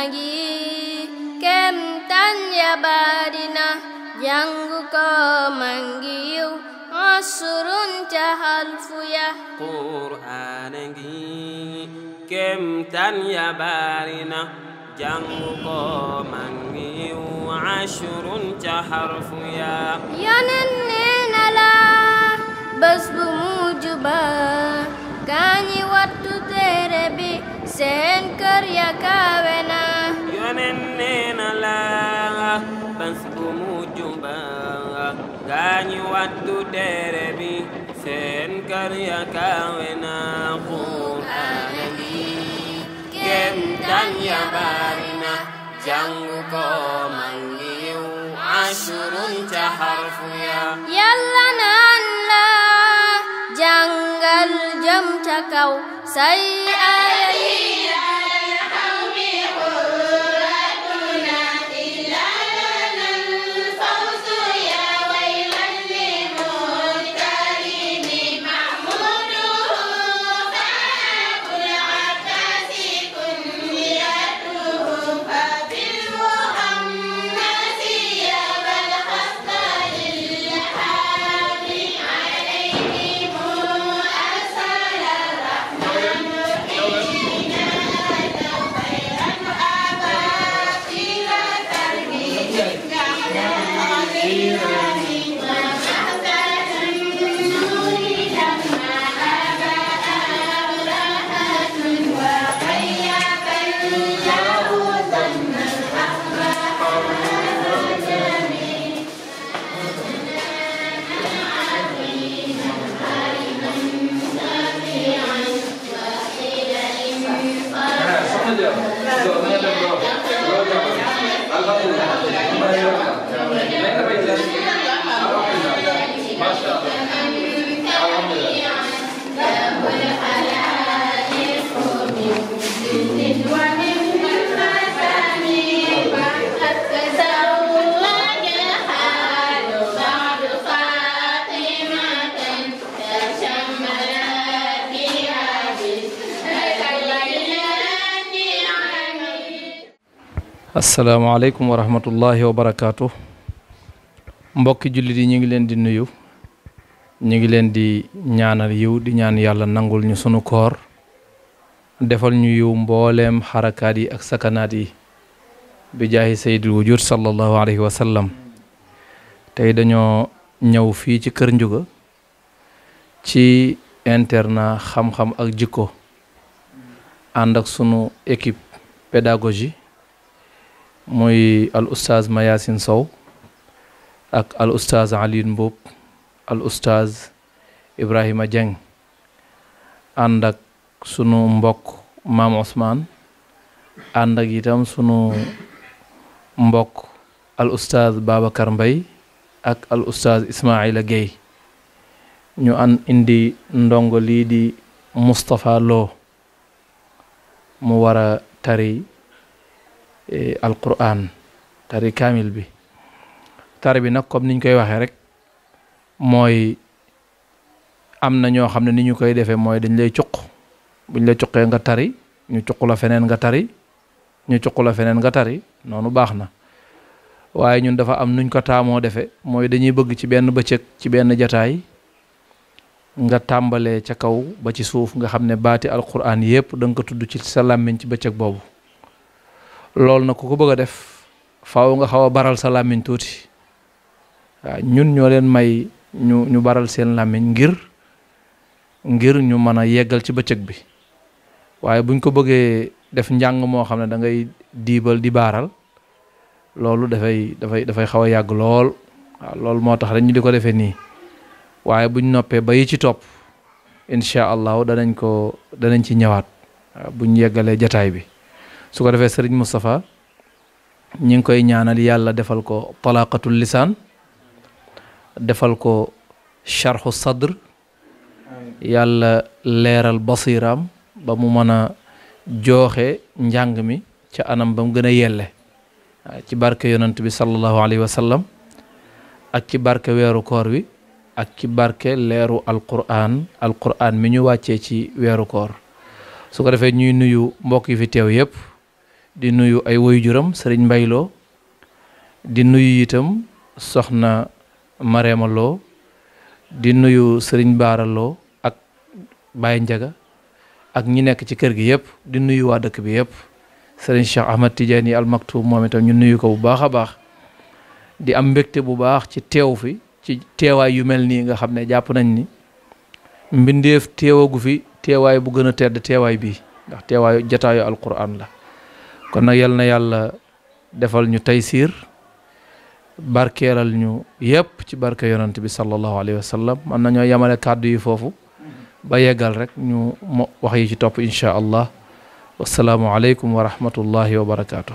nagi kem tan ya badina yang guko manggiu asurun cahal fuya Quran lagi kem tan ya badina yang guko manggiu asurun cahal fuya ya nenne bas bumujuba kanyi kani terebi sen kerja kawena nennena laaga bansugu mujjuba gaañi wattu dere bi seen karya kaawena qur'aana gi kemtan yabaarina jangu ko mangi yiw ashurun ca harfuya yalla naan la jangal jëm ca asalaamaaleykum wa rahmatullahi wa barakaatu mbokki jullit yi ñu ngi leen di nuyu ñu ngi leen di ñaanal yiw di ñaan yàlla nangul ñu sunu koor defal ñu yiw mbooleem xarakaat yi ak sakanaat yi bi jaahi sayyidul wujud sallallahu alayhi wa sallam tey dañoo ñëw fii ci kër Ndiouga ci internat xam-xam ak jikko ànd ak sunu équipe pédagogie mooy al oustaz Mayasin Sow ak al oustaz Alioune Mboup al oustaz Ibrahima Dieng ànd ak sunu mbokk maam Ousmane ànd ak itam sunu mbokk al oustaz Babacar Mbaye ak al oustaz Ismaila Gueye ñu an indi ndongo lii di Moustapha mu war a tari Eh, alquran tari kaamil bi tari bi nag comme niñ koy waxee rek mooy am na ñoo xam ne ni ñu koy defee mooy dañ lay cuq buñ la cuqee nga tari ñu cuq la feneen nga tari ñu cuq la feneen nga tari noonu baax na waaye ñun dafa am nuñ ko taamoo defee mooy dañuy bëgg ci benn bëccëg ci benn jataay nga tàmbalee ca kaw ba ci suuf nga xam ne baati alquran yépp da nga ko tudd ci sa làmmiñ ci bëccëg boobu loolu na ku ko bëgg a def faaw nga xaw a baral sa làmmiñ tuuti waaw ñun ñoo leen may ñu ñu baral seen làmmiñ ngir ngir ñu mën a yeggal ci bëccëg bi waaye buñ ko bëggee def njàng moo xam ne dangay diibal di baaral loolu dafay dafay dafay xaw a yàgg lool waaw loolu moo tax rek ñu di ko defee nii waaye buñ noppee ba yi ci topp incha allahu danañ ko danañ ci ñëwaat buñ yeggalee jataay bi su ko defee sëriñ Moustapha ñi ngi koy ñaanal yàlla defal ko talaaqatul lisaan defal ko charxu sadr yàlla leeral basiiraam ba mu mën a jooxe njàng mi ca anam ba mu gën a yelle ci barke yonent bi sallallahu alayhi wa sallam ak ci barke weeru koor wi ak ci barke leeru alquraan alquraan mi ñu wàccee ci weeru koor su ko defee ñuy nuyu mbokk yi fi teew yépp di nuyu ay woyjuram sëriñ mbayloo di nuyu itam soxna Marema Lo di nuyu sëriñ baaraloo ak Baye Njaga ak ñi nekk ci kër gi yëpp di nuyu waa dëkk bi yëpp sëriñ Cheikh Ahmad Tidiane almaktum moom itam ñu nuyu ko bu baax a baax di am mbégte bu baax ci teew fi ci teewaay yu mel nii nga xam ne jàpp nañ ni mbindeef teewagu fi teewaay bu gën a tedd teewaay bii ndax teewaayu jataayu alquran la kon nag yal na yàlla defal ñu taysiir barkeeral ñu yépp ci barke yonent bi sallallahu alayhi wa sallam mën nañoo yemale kàddu yi foofu ba yeggal rek ñu wax ci topp incha allah wassalaamu aleykum wa barakaatu.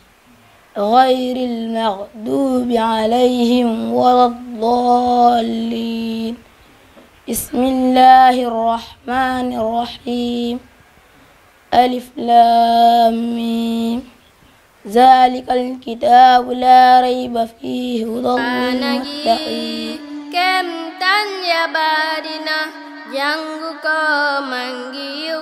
غير المغضوب عليهم ولا الضالين بسم الله الرحمن الرحيم ألف لام ميم ذلك الكتاب لا ريب فيه هدى للمتقين كم تن يا بارنا يانغو كو مانغيو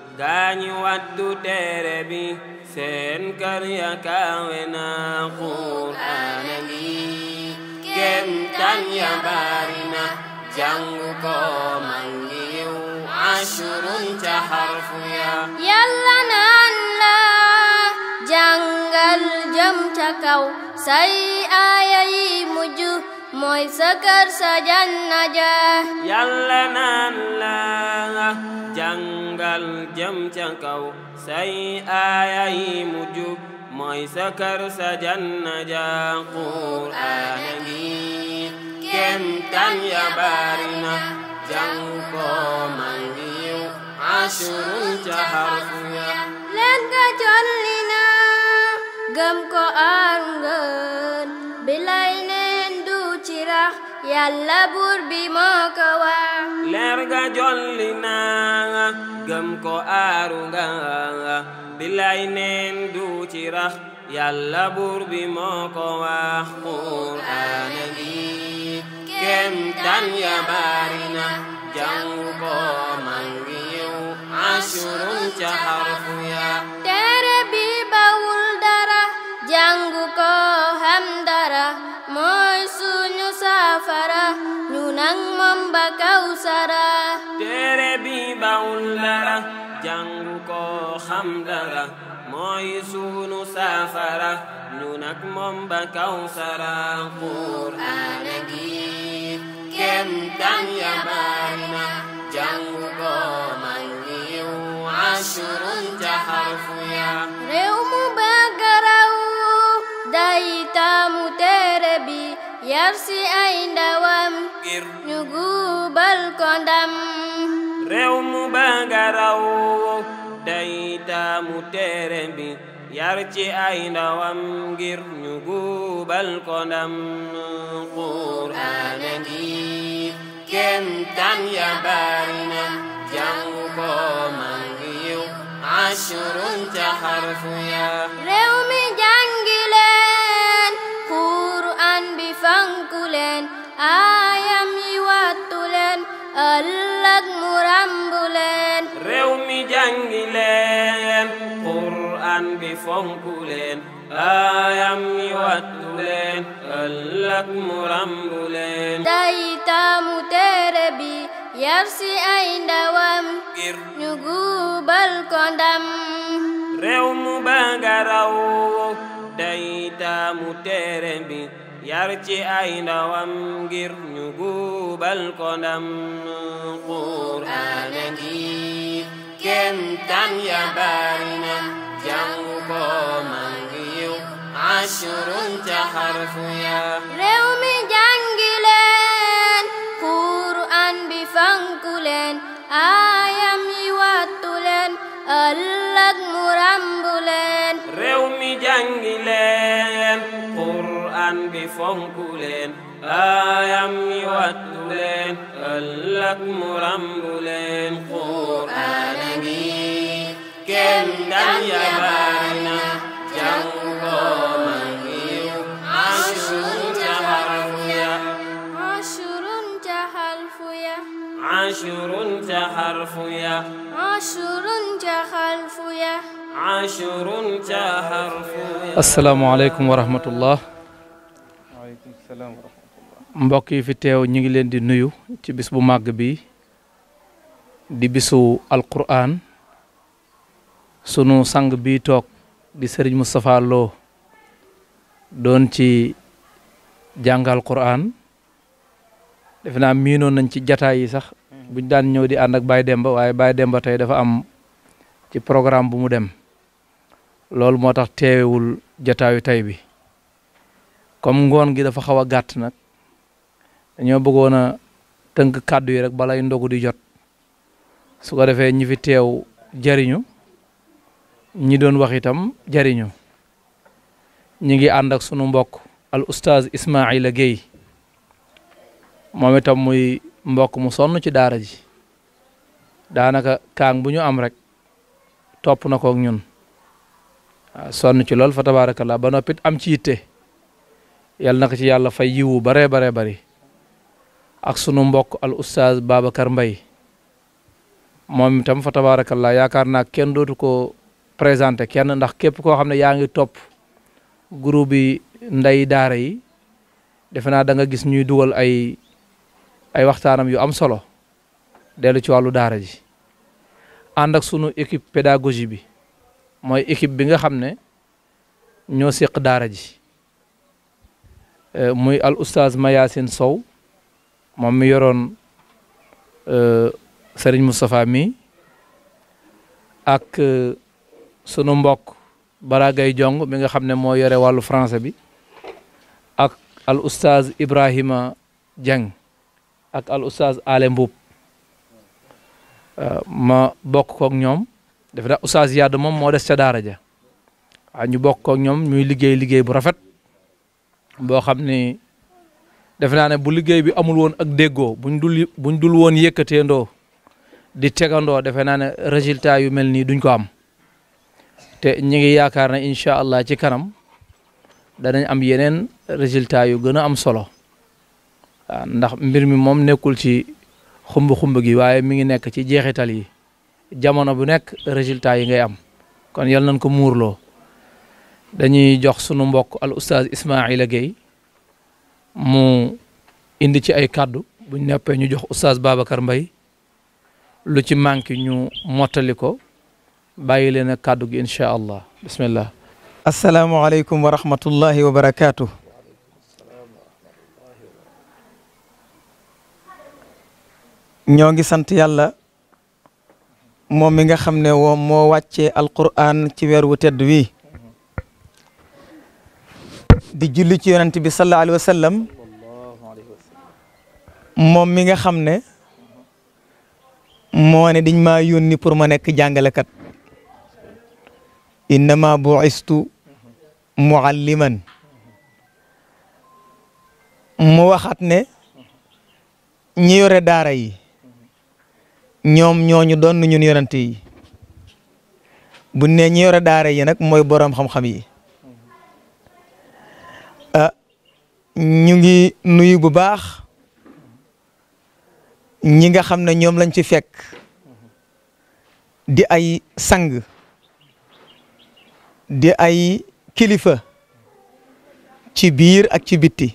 gaañi waddu téere bi seen kër ya kaawe na quraana bi kem tan ya baari na jàngu ko mangi yiw ca harfu ya yàlla naan la jàngal jëm ca kaw say aaya mujj Moy seker sajan najah yalla ja yàlla jam la jàngal jëm ca kaw say aaya yi mu jub mooy sa kër sa kem tan ya barina na ko man yiw ashrun ca harfu ko sarax yàlla ya buur bi moo ko waa leer ga ko arunga bilay du ci bi moo ko kem tan ya barina na ko mangiu asurun yow ya tere bi bawul dara ko ham dara yang membakau sarah ya tere bi bawul lara jang ko kham dara mooy sunu safara nunak nag moom qur'an sara Qur'aan kem tan ya bana jang ko man yiw ashrun ca harfu ya réew yar si ay ndawam ngir ñu ko ndam réew mu ba nga raw day taamu téere bi yar ci ay ndawam ngir ñu ko ndam qur'aan gi kem tan ya bari na jàngu ko ma ngi ashrun ca harfu jàngi Quran quraan bi fonku leen aayam yi wattu leen ëllëg mu rambu leen tey taamu téere bi yar kentang ya barina jang bo mangiu asyurun cahar ya Quran bifangkulen ayam murambulen Quran bifangkulen ayam murambulen Quran Assalamualaikum warahmatullahi wabarakatuh. fi tew ñi ngi leen di nuyu ci bis bu mag bi di bisu alquran sunu sang bi toog di sëriñ Moustapha Lo doon ci jàngal Qur'an defe naa miinoon nañ ci jataay yi sax mhm. buñ daan ñëw di ànd ak Baye Demba waaye Baye Demba tey dafa am ci programme bu mu dem loolu moo tax teewewul jataayu tey bi comme ngoon gi dafa xaw a gàtt nag dañoo bëggoon a tënk kàddu yi rek balay ndogu di jot su ko defee ñi fi teew jariñu ñi doon wax itam jariñu ñi ngi ànd ak sunu mbokk al oustaz Ismaila Guèye moom itam muy mbokk mu sonn ci daara ji daanaka kaan bu ñu am rek topp na kook ñun sonn ci lool fa tabaarakallah ba noppit am ci yitte yal na ci yàlla fay yiwu baree baree bari ak sunu mbokk al oustaz Babacar Mbaye moom itam fa tabaarakallah yaakaar naa kenn dootu ko présenté kenn ndax képp koo xam ne yaa ngi topp groupe bi ndey daara yi defe naa danga gis ñuy dugal ay ay waxtaanam yu am solo dellu ci wàllu daara ji ànd ak sunu équipe pédagogie bi mooy équipe bi nga xam ne ñoo séq daara ji euh, muy al oustaz Mayacine Sow moom mu yoroon euh, Serigne Moustapha mi ak euh, sunu mbokk Baragay Jong mi nga xam ne moo yore wàllu français bi ak al oustaz Ibrahima Dieng ak al oustaz Ale Mbuub euh, ma bokk kook ñoom def na oustaz Yadd moom moo des ca daara ja waaw ñu bokk ñoom ñuy liggéey liggéey bu rafet boo xam ni defe naa ne bu liggéey bi amul woon ak déggoo buñ dul buñ dul woon yëkkateendoo di tegandoo defe naa ne résultat yu mel nii duñ ko am te ñu ngi yaakaar ne incha allah ci kanam danañ am yeneen résultat yu gën a am solo ndax mbir mi moom nekkul ci xumb-xumb gi waaye mi ngi nekk ci jeexital yi jamono bu nekk résultat yi ngay am kon yal nañ ko muurloo dañuy jox sunu mbokk al oustaz Ismaila Gueye mu indi ci ay kàddu buñ neppee ñu jox oustaz Babacar mbay lu ci manqué ñu mottali ko bàyyi leen ak kàddu gi incha allah bismillah. asalaamualeykum wa rahmatullahi wa barakaatu. ñoo ngi sant yàlla moom mi nga xam ne woo moo wàccee alquran ci weer wu tedd wi di julli ci yonent bi sallallahu alayhi wa sallam moom mi nga xam ne moo ne diñ maa yónni pour ma nekk jàngalekat innama bu'istu mualliman mu waxat ne ñi yore daara yi ñoom ñooñu doon ñun yonante yi bu ne ñi yore daara yi nag mooy boroom xam-xam yi ah ñu ngi nuyu bu baax ñi nga xam ne ñoom lañ ci fekk di ay sang di ay kilifa ci bir ak ci biti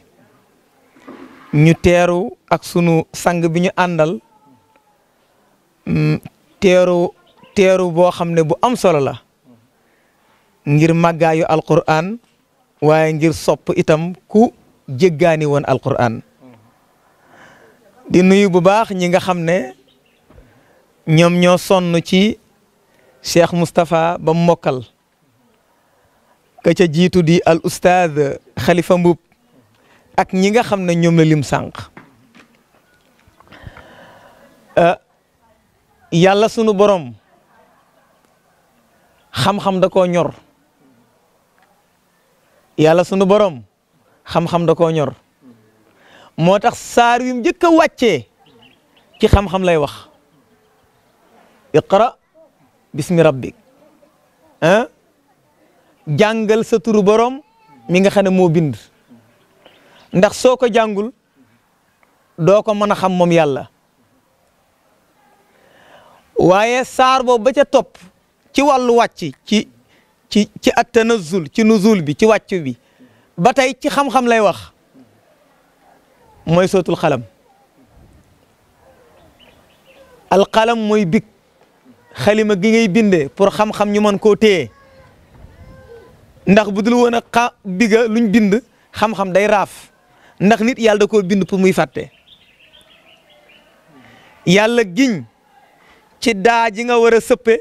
ñu téru ak sunu sang bi ñu andal mm, téru téru bo xam bu am solo la ngir màggaayu alquran waye ngir sop itam ku jéggaani won alquran di nuyu bu baax ñi nga xam ne ñoom ñoo ci Cheikh mustafa ba mokal ka ca jiitu di al oustaz Khalifa Mboup ak ñi nga xam ne ñoom la lim sànq euh, yàlla sunu borom xam-xam da koo ñor yàlla sunu borom xam-xam da koo ñor moo tax saar yu njëkk a ki ci xam-xam lay wax iqra bismi rabbik ah jàngal sa turu boroom mi nga xam ne moo bind ndax soo ko jàngul doo ko mën a xam moom yàlla waaye saar boobu ba ca topp ci wàllu wàcc ci ci ci attanazul ci nuzul bi ci wàcc bi ba tey ci xam-xam lay wax mooy sootul xalam alxalam mooy big xalima gi ngay bindee pour xam-xam ñu mën koo téye ndax bu dul woon a xa biga luñ bind xam-xam day raaf ndax nit yàlla da koo bind pour muy fàtte yàlla giñ ci daa ji nga war a sëppe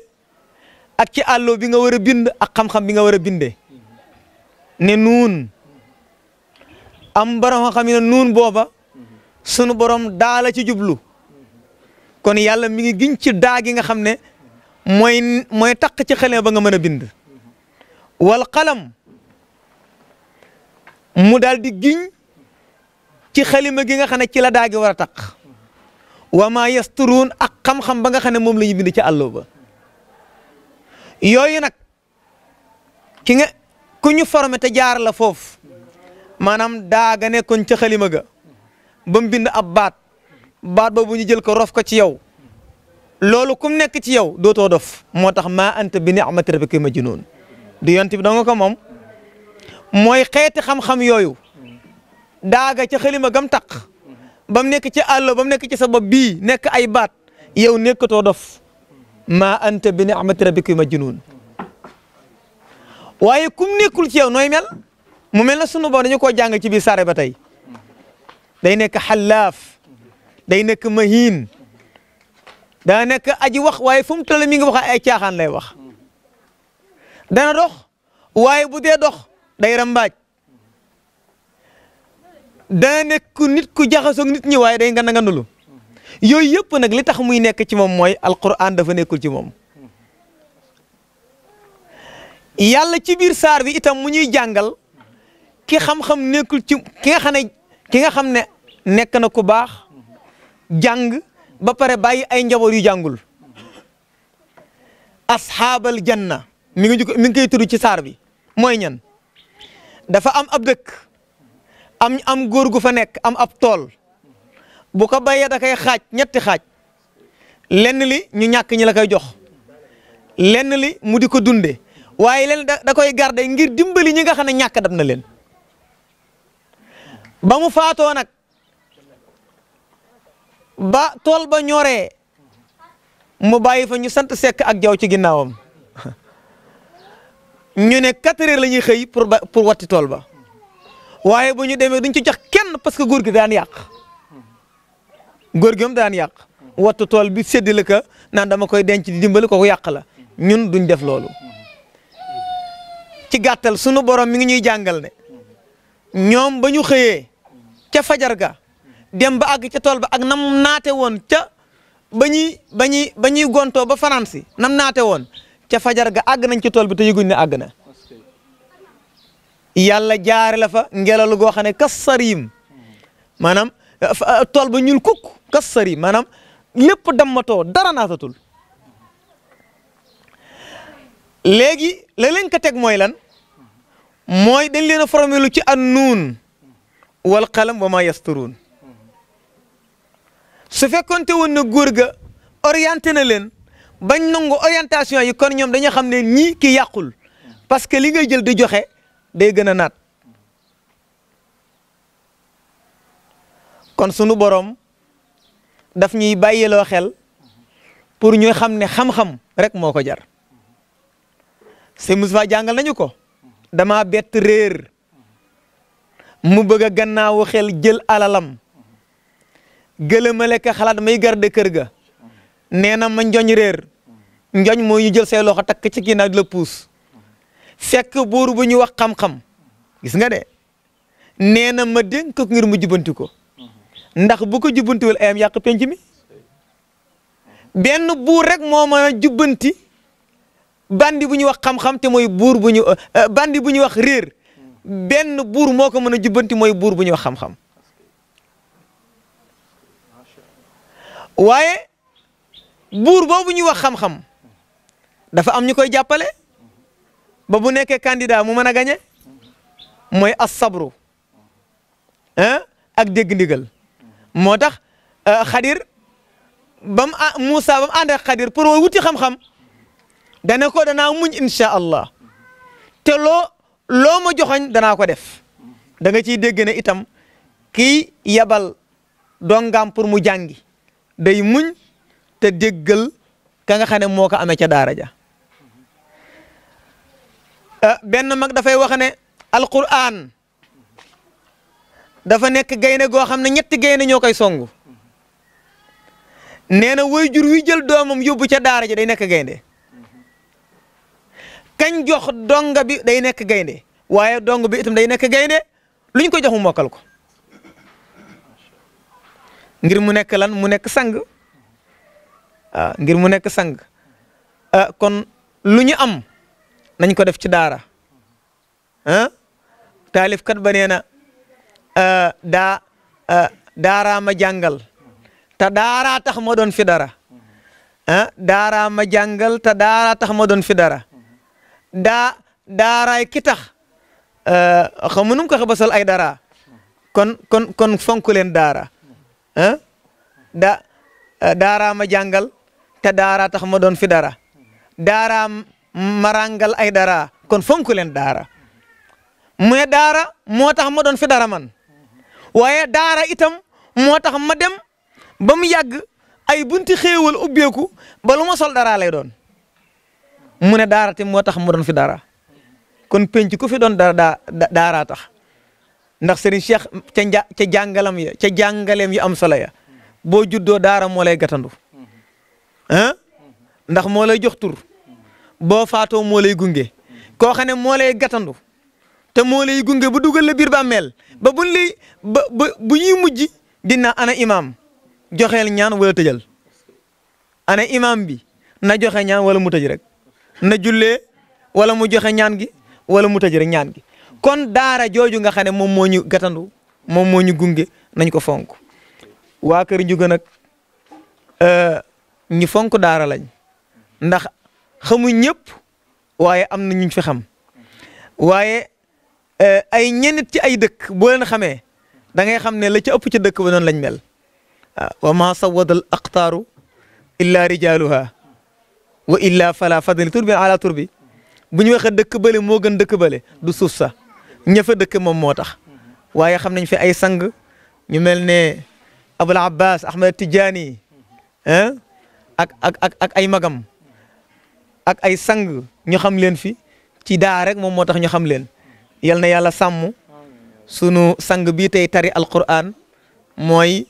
ak ci àllo bi nga war a bind ak xam-xam bi nga war a bindee ne nuun am borom xam ne nuun booba sunu borom daala ci jublu kon yàlla mi ngi giñ ci daa gi nga xam ne mooy mooy taq ci xale ba nga mën a bind. wal qalam mu daal di giñ ci xalima gi nga xam ne ci la daa gi war a taq wa maa yasturuun ak xam-xam ba nga xam ne moom la ñu ci àllo ba yooyu nag ki nga ku ñu formé te jaar la foofu maanaam daaga nekkoon ca xalima ga ba mu bind ab baat baat boobu ñu jël ko rof ko ci yow loolu kum nekk ci yow dootoo dof moo tax maa anta bi ni'mati rabbika majnuun du yont bi danga ko mom moy xéti xam-xam yoyu daaga ci xelima gam tak bam nek ci allo bam nek nekk ci sabab bi nek ay bat yow nek to dof ma anta bi ni'mat rabbika majnun waye kum nekul ci yow noy mel mu mel na sunu boobu dañu ko jàng ci bi sare ba tey day nek halaf day nek mahin da nek aji wax waye fum mu mi nga wax ay tiaxan lay wax. dana dox waaye bu dee dox day rambaaj dana nekku nit ku jaxasoog nit ñi waaye day nga ngandalu yooyu yëpp nag li tax muy nekk ci moom mooy alquran dafa nekkul ci moom yàlla ci biir saar bi itam mu ñuy jàngal ki xam-xam nekkul ci ki nga xam ne ki nga xam ne nekk na ku baax jàng ba pare bàyyi ay njaboot yu jàngul asxaabal janna mi ngi mi ngi koy tudd ci saar bi mooy ñan dafa am ab dëkk am am góor gu fa nekk am ab tool bu ko béyee da koy xaaj ñetti xaaj lenn li ñu ñàkk ñi la koy jox lenn li mu di ko dunde waaye leen da koy garde ngir dimbali ñi nga xam ne ñàkk dab na leen ba mu faatoo nag ba tool ba ñoree mu bàyyi fa ñu sant sekk ak jaw ci ginnaawam ñu ne 4 heures la ñuy xëy pour ba pour watti tool ba waaye bu ñu demee duñ ci jox kenn parce que góor gi daan yàq góor gi moom daan yàq wattu tool bi séddale ka naan dama koy denc di dimbali kooku yàq la ñun duñ def loolu. ci gàttal sunu borom mi ngi ñuy jàngal ne ñoom ba ñu ca fajar ga dem ba àgg ca tool ba ak nam naate woon ca ba ñuy ba ñuy ba ñuy nam naate woon. ca fajar ga àgg nañ ci tool bi te yëguñ ne àgg na jaare la fa ngelalu goo xam ne kas sariim maanaam eh, eh, tool ba ñuul kukk kas sariim maanaam lépp dammatoo dara naatatul léegi la leen ko teg mooy lan mooy dañ leen a formé ci an nuun wal qalam wa ma yasturuun su fekkonte woon na góor ga orienté na leen bañ nangu orientation yi kon ñom dañu xamné ñi ki yaqul parce que li ngay jël di joxé day gëna nat kon sunu borom daf ñuy lo xel pour ñu xamné xam-xam rek moko kajar. jar Sëñ musfa jangal nañu ko dama bet réer mu bëgg gannaaw xel jël alalam gëlëmale ka xalaat may garde kër ga nee ma ñoñ njoñ mooy ñu jël say loxo takk ci ginnaaw di la puus fekk buur bu ñu wax xam-xam gis nga de nee na ma dénk ko ngir mu jubanti ko ndax bu ko jubbantiwul ayam yàq penc mi benn buur rek moo mën a jubbanti bandi bu ñuy wax xam-xam te mooy buur bu ñu euh, euh, ñuy wax réer benn buur moo ko mën a jubbanti mooy buur bu ñuy wax xam-xam waaye buur boobu ñuy wax xam-xam. dafa am ñu koy jàppale ba bu nekkee candidat mu mën a gañe mooy as sabru ah ak dégg ndigal moo tax xadir euh, bam a ah, Moussa ba mu ànd ak xadir pour wuti xam-xam dana ko danaa muñ incha allah te loo loo ma joxoñ danaa ko def danga ci ciy ne itam kii yabal dongam pour mu jàngi day muñ te déggal ka nga xam ne moo ko amee ca daara ja Eh, benn mag dafay wax ne alquran dafa nekk gaynde goo xam ne ñetti gaynde ñoo koy songu nee na way jur wi jël doomam yóbbu ca daara ja day nekk gaynde kañ jox donga bi day nekk gaynde waaye dong bi itam day nekk gaynde luñ ko jox mu mokkal ko ngir mu nekk lan mu nekk sang ah, ngir mu nekk sang eh, kon lu ñu am nañ ko def ci daara ah taalifkat ba nee na euh, daa euh, daaraa ma jàngal te daaraa tax ma doon fi dara ah ma jàngal te daaraa tax ma doon fi dara daa daaraay ki tax euh, xam nu ko xabasal ay daraa kon kon kon fonk leen daara ah da ma jàngal te daaraa tax ma doon fi dara daaraam marangal ay dara kon fonk leen daara mais daara moo tax ma doon fi dara man waaye daara itam moo tax ma dem ba mu yàgg ay bunti xéewal ubbeeku ba lu ma sol daraa lay doon mu ne daara te moo tax ma doon fi dara kon penc ku fi doon dara daa daaraa tax ndax Serigne Cheikh ca ja ca jàngalam ya ca jàngaleem yu am solo ya boo juddoo daara moo lay gatandu ah ndax moo lay jox tur boo faatoo moo lay gunge koo xam ne moo lay gàttandu te moo lay gunge bu dugal la biir bàmmeel ba buñ lay bu ñuy mujj dina ana imaam joxeel ñaan wala tëjal ana imaam bi na joxe ñaan wala mu tëj rek na jullee wala mu joxe ñaan gi wala mu tëj rek ñaan gi kon daara jooju nga xam ne moom moo ñu gàttandu moom moo ñu gunge nañ ko fonk waa kër Ndiouga nag euh, ñu fonk daara lañ ndax xamuñ ñëpp waaye am na ñu fi xam waaye ay ñenit ci ay dëkk boo leen xamee da ngay xam ne la ca ëpp ca dëkk ba noonu lañ mel wa ma sawada al aqtaaru illa rijaluha wa illa fala fadli turbi ala turbi bu ñu waxee dëkk bële moo gën dëkk bële du suuf sa ña fa dëkk moom moo tax xam nañ fi ay sang ñu mel abul abbas ahmed tijaani ak ak ak ak ay magam ak ay sang ñu xam leen fi ci daa rek moom moo ñu xam leen yal na yàlla sàmm sunu sang bi tey tari alquran mooy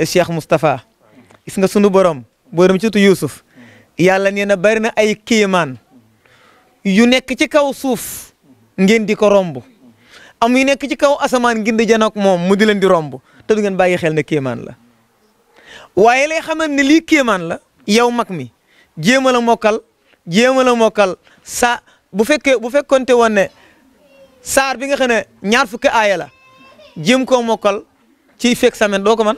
Cheikh Mustafa. gis nga sunu borom borom ci tu yusuf yàlla nee na bari na ay kéemaan yu nekk ci kaw suuf ngeen di ko romb am yu nekk ci kaw asamaan ngeen di janak moom mu di leen di romb te du ngeen bàyyi xel ne la waaye lay xamal ne lii la yow mag mi jéem a mokkal jéema la mokkal sa bu fekkee bu fekkonte woon ne saar bi nga xam ne ñaar fukki aaya la jéem ko mokkal ci fekk semaine doo ko man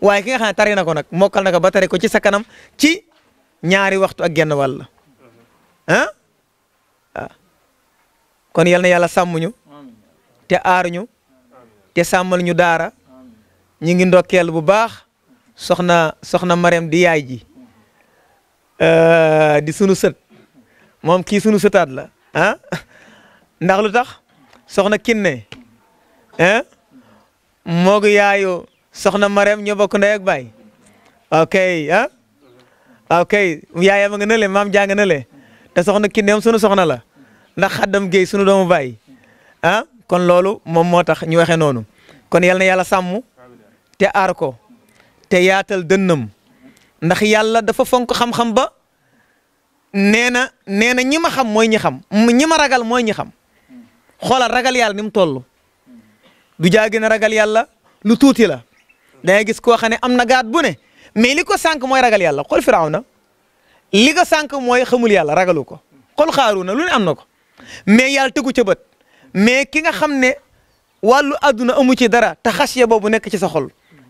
waaye ki nga xam ne tari na ko nag mokkal na ko ba tari ko ci sa kanam ci ñaari waxtu ak genn wàll ah kon yal na yàlla sàmm ñu te aar ñu te sàmmal ñu daara ñu ngi ndokkeel bu baax soxna soxna Mariam di yaay ji Euh, di sunu sët moom kii sunu sëtaat la ah ndax lu tax soxna Kiné ah moog yaayu soxna Marème ñoo bokk ndey ak baay ok ah ok yaayam nga nële maam jaa nga nële te soxna Kiné moom sunu soxna la ndax xaddam géey sunu doomu bay ah kon loolu moom moo tax ñu waxee noonu kon yal na yàlla sàmm te aar ko te yaatal dënnam. ndax yàlla dafa fonk xam-xam ba nee na nee na ñi ma xam mooy ñi xam ñi ma ragal mooy ñi xam xoolal ragal yàlla ni mu toll du jaagi na ragal yàlla lu tuuti la dangay gis koo xam ne am na gaat bu ne mais li ko sànq mooy ragal yàlla xool Firawna li ko sànq mooy xamul yàlla ragalu ko xool Xaaruna lu ne am na ko mais yàlla tegu ca bët mais ki nga xam ne wàllu àdduna amu ci dara te xas ya boobu nekk ci sa xol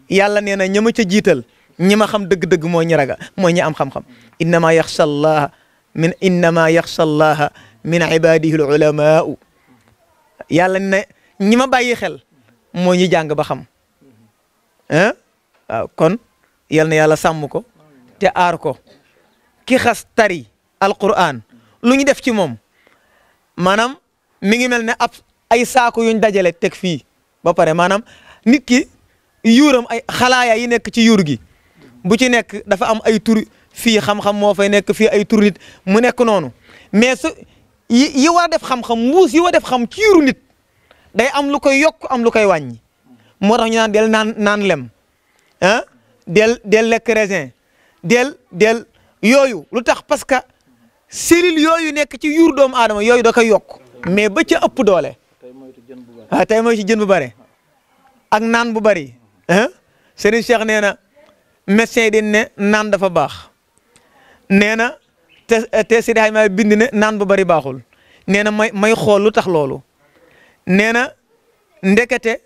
yàlla neena na ña ma ca jiital. ñi ma xam dëgg-dëgg mooy ñi ragal mooy ñi am xam-xam innama yaxsha allaha min innama yaxsha allaha min ibadihi al ulamaau yàlla ne ñi ma bàyyi xel moo ñi jàng ba xam ah waaw kon yal na yàlla sàmm ko te aar ko ki xas tari alquran lu ñu def ci moom maanaam mi ngi mel ne ab ay saako yuñ dajale teg fii ba pare maanaam nit ki yuuram ay xalaaya yi nekk ci yuur gi bu ci nekk dafa am ay tur fii xam-xam moo fay nekk fii ay tur nit mu nekk noonu mais su yi war def xam-xam mbuus yi war def xam ci yuru nit day am lu koy yokk am lu koy wàññi moo tax ñu naan naan naan lem ah del del lekk del del yooyu lu tax parce que cellule yooyu nekk ci yuur doomu aadama yooyu da koy yokk mais ba ci ëpp doole ah tey mooy ci jën bu bare ak naan bu bari ah Serigne Cheikh nee na médecin yi dañ ne naan dafa baax nee na te te Sidi Xayma bind ne naan bu bari baaxul nee na may may xool lu tax loolu nee na ndekete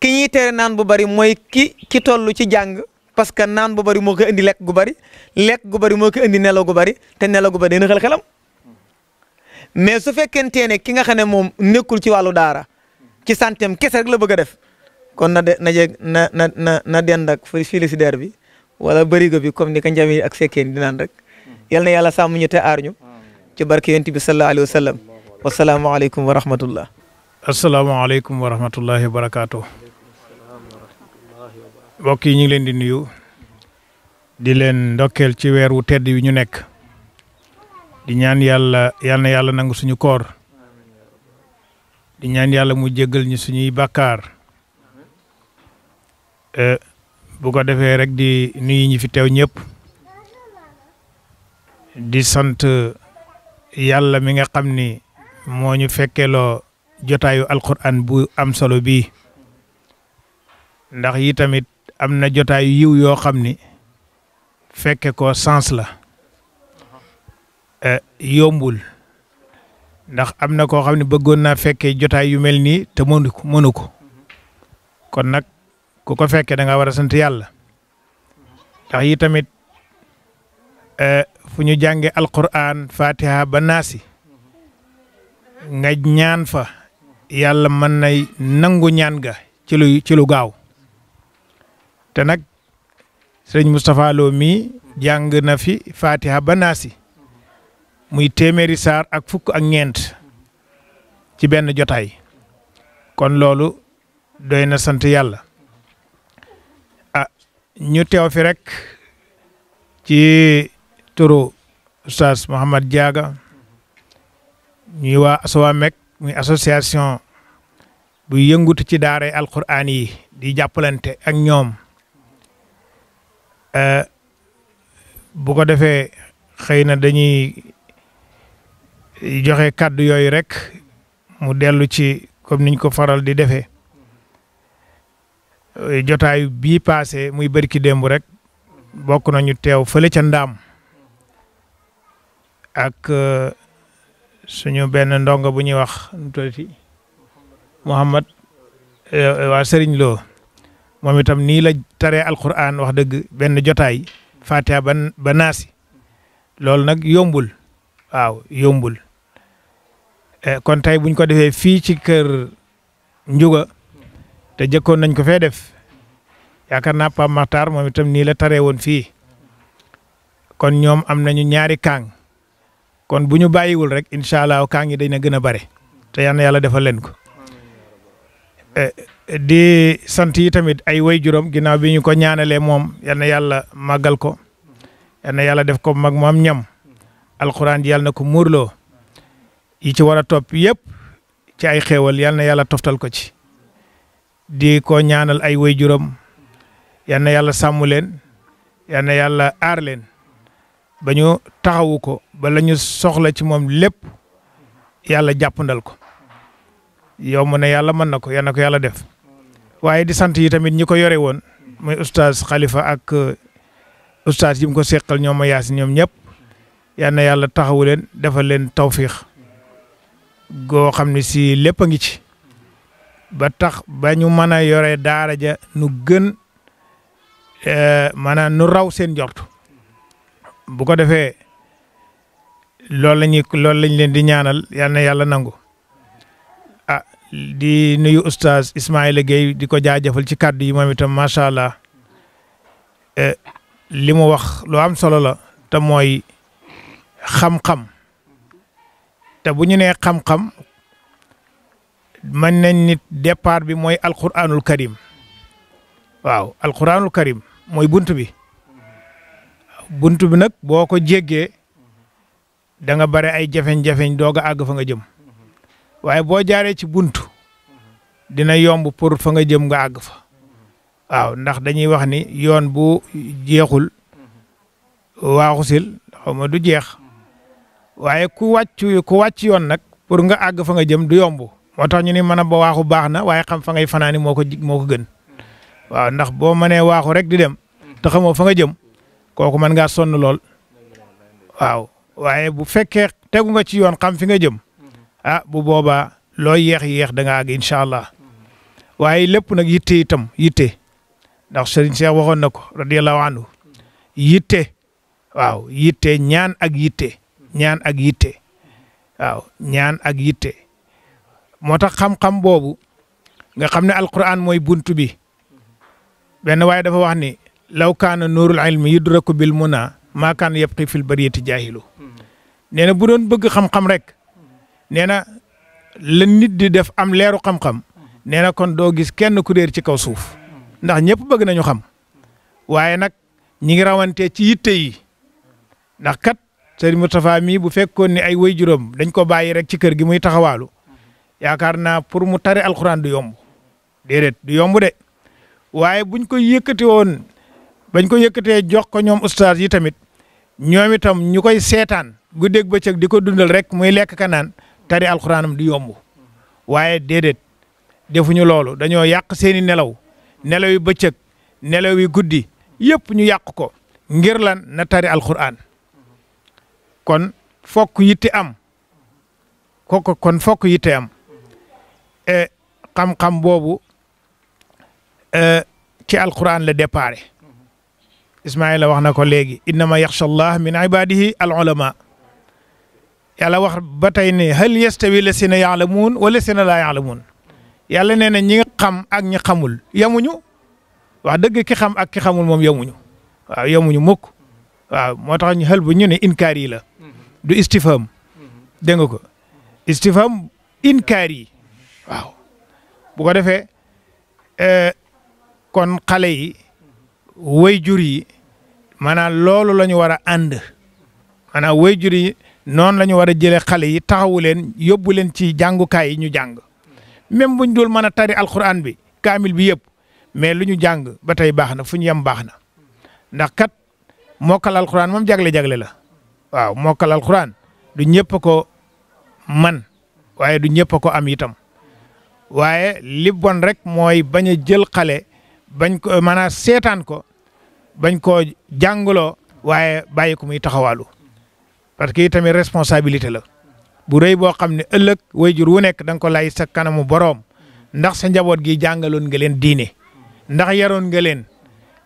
ki ñuy tere naan bu bari mooy ki ki toll ci jàng parce que naan bu bari moo ko indi lekk gu bari lekk gu bari moo ko indi nelaw gu bari te nelaw gu bari na xel xelam mais su fekkente ne ki nga xam ne moom nekkul ci wàllu daara ci santeem kese rek la bëgg a def kon na de na na na na dend ak félicitaire bi wala barigo bi comme ni ka njami ak fekkeen di naan rek yal na yàlla sàmm ñu te aar ñu ci barke yonent bi sallallahu alayhi wa sallam wasalaamaaleykum wa rahmatullah asalaamaaleykum wa rahmatullahi wa barakaatu yi ñu ngi leen di nuyu di leen ndokkeel ci weer wu tedd wi ñu nekk di ñaan yàlla yal na yàlla nangu suñu koor di ñaan yàlla mu jéggal ñu suñuy bàkkaar eh, bu ko defee rek di nu ñi fi teew ñëpp di sant yàlla mi nga xam ni moo ñu fekkeloo jotaayu alquran bu am solo bii ndax yi tamit am na jotaayu yiw yoo xam ni fekke ko sens la eh, yombul ndax am na koo xam ne bëggoon naa fekke jotaay yu mel nii te mënu mënu ko kon nag ku ko fekkee danga nga war sant yàlla ndax yi tamit eh, fu ñu jànge alquran fatiha ba nga ñaan fa yàlla mën nay nangu ñaan ga ci lu ci lu gaaw te nag sëriñ Moustapha Lo jàng na fi fatiha banaasi muy téeméeri saar ak fukk ak ñeent ci benn jotaay kon loolu doy na sant yàlla ñu teew fi rek ci turu Oustaz Mouhamed Diaga ñuy waa ASWAMEG muy association bu yëngutu ci daaray alquraan yi di jàppalante ak ñoom eh, bu ko defee xëy na dañuy joxe kàddu yooyu rek mu dellu ci comme niñ ko faral di defee Eh, jotaay bii paase muy bërki démb rek bokk nañu teew fële ca ndaam ak eh, suñu benn ndongo bu ñuy wax nu tuddati eh, waa Serigne Lo moom itam nii la taree alquran wax dëgg benn jotaay Fatiha ba ba loolu nag yombul waaw yombul kon tey buñ ko defee fii ci kër Njuga te jëkkoon nañ ko fee def yaakaar naa Pape Makhtar moom itam nii la taree woon fii kon ñoom am nañu ñaari kaang kon bu ñu bàyyiwul rek incha allah kaang dañ dina gën a bare te yal na yàlla defal leen ko. Eh, di sant yi tamit ay way juróom ginnaaw bi ñu ko ñaanalee moom yal na yàlla màggal ko yal na yàlla def ko mag mu am ñam alxuraan ji yal na ko muurloo yi ci war a topp yëpp ci ay xéewal yal na yàlla toftal ko ci di ko ñaanal ay waajuram yal na yàlla sàmm leen yal yàlla aar leen ba ñu taxawu ko bala ñu soxla ci moom lépp yàlla jàppandal ko yomb na yàlla mën na ko yal na ko yàlla def waaye di sant yi tamit ñi ko yore woon mooy oustaz Khalifa ak uh, oustaz yi mu ko seqal ñoom ma yaasi ñoom ñëpp yal yàlla taxawu leen defal leen tawfiix goo xam ne si lépp a ngi ci. ba tax ba ñu mën a yore daara ja nu gën eh, maanaam nu raw seen jort bu ko defee loolu la ñuy lañ leen di ñaanal yal yàlla nangu ah di nuyu oustaz Ismaïla Guèye di ko jaajëfal ci kàddu yi moom itam macha allah eh, li mu wax lu am solo la te mooy xam-xam te bu ñu nee xam-xam mën nañ nit départ bi mooy alquranul karim waaw alquranul karim mooy bunt bi bunt bi nag boo ko jéggee danga nga bare ay jafeñ-jafeñ doog a àgg fa nga jëm waaye boo jaaree ci bunt dina yomb pour fa nga jëm nga àgg fa waaw ndax dañuy wax ni yoon bu jeexul waaxusil xaw ma du jeex waaye ku wàcc ku wàcc yoon nag pour nga àgg fa nga jëm du yomb moo ñu ni mëna a ba waaxu baax fana xam fa ngay fanani moko moko gën waaw ndax bo mëne waxu rek di dem te xamoo fa nga jëm koku man nga sonn lool waaw waye bu fekke teggu nga ci yoon xam fi nga jëm ah bu boba lo yéex yéex da nga àgg inshallah allah lepp nak yitte itam yitte ndax Serigne Cheikh waxon nako radiyallahu anhu yitte waaw yitte ñaan ak yitte ñaan ak yitte waaw ñaan ak yitte moo tax xam-xam boobu nga xam ne alquran mooy buntu bi benn waaye dafa wax ni law kaana nuurul ilmi yudraku bil muna maa kaana yabqi fil bariyati jaahilu nee na bu doon bëgg xam-xam rek nee na la nit di def am leeru xam-xam nee na kon doo gis kenn ku réer ci kaw suuf ndax ñëpp bëgg nañu xam waaye nag ñi ngi rawantee ci yitte yi ndax kat sëriñ Moustapha mii bu fekkoon ni ay way juróom dañ ko bàyyi rek ci kër gi muy taxawaalu yaakaar naa pour mu tari alxuraan du yomb déedéet du yomb de waaye buñ ko yëkkati woon bañ ko yëkkatee jox ko ñoom ustaas yi tamit ñoom itam ñu koy seetaan guddeeg bëccëg di ko dundal rek muy lekk ka naan tari alxuraanam du yomb waaye déedéet defuñu loolu dañoo yàq seeni nelaw nelaw yi bëccëg nelaw yi guddi yëpp ñu yàq ko ngir lan na tari alxuraan kon fokk yitte am kooku kon fok yitte am xam-xam boobu ci alquran la départ Ismaila wax na ko léegi innama yaxsha allah min ibadihi al ulama yàlla wax ba tey ne hal yastawi la sina yaalamuun wala sina laa yaalamuun yàlla nee na ñi nga xam ak ñi xamul yamuñu wax dëgg ki xam ak ki xamul moom yamuñu waaw yamuñu mukk waaw moo tax ñu xel bu ñu ne inkaar yi la du istifham dégg ko istifham inkaar yi waaw bu ko defee eh, kon xale yi way jur yi maanaam loolu lañu ñu war a ànd maanaam way jur yi noonu lañu ñu war a jëlee xale yi taxawu leen yóbbu leen ci jàngukaay yi ñu jàng même buñ dul mën a tari alquran bi kaamil bi yëpp mais lu ñu jàng ba tey baax na fu ñu yem baax na ndax kat mokkal alquran moom jagle-jagle la waaw mokkal alquran du ñëpp ko man waaye du ñëpp ko am itam waaye li bon rek mooy bañ jël xale bañ ko maanaam seetaan ko bañ ko jàngaloo waaye bàyyi ko muy taxawaalu parce que itamit responsabilité la bu rëy boo xam ne ëllëg wayjur wu nekk da nga ko lay sa kanamu borom ndax sa njaboot gi jàngaloon nga leen diine ndax yaroon nga leen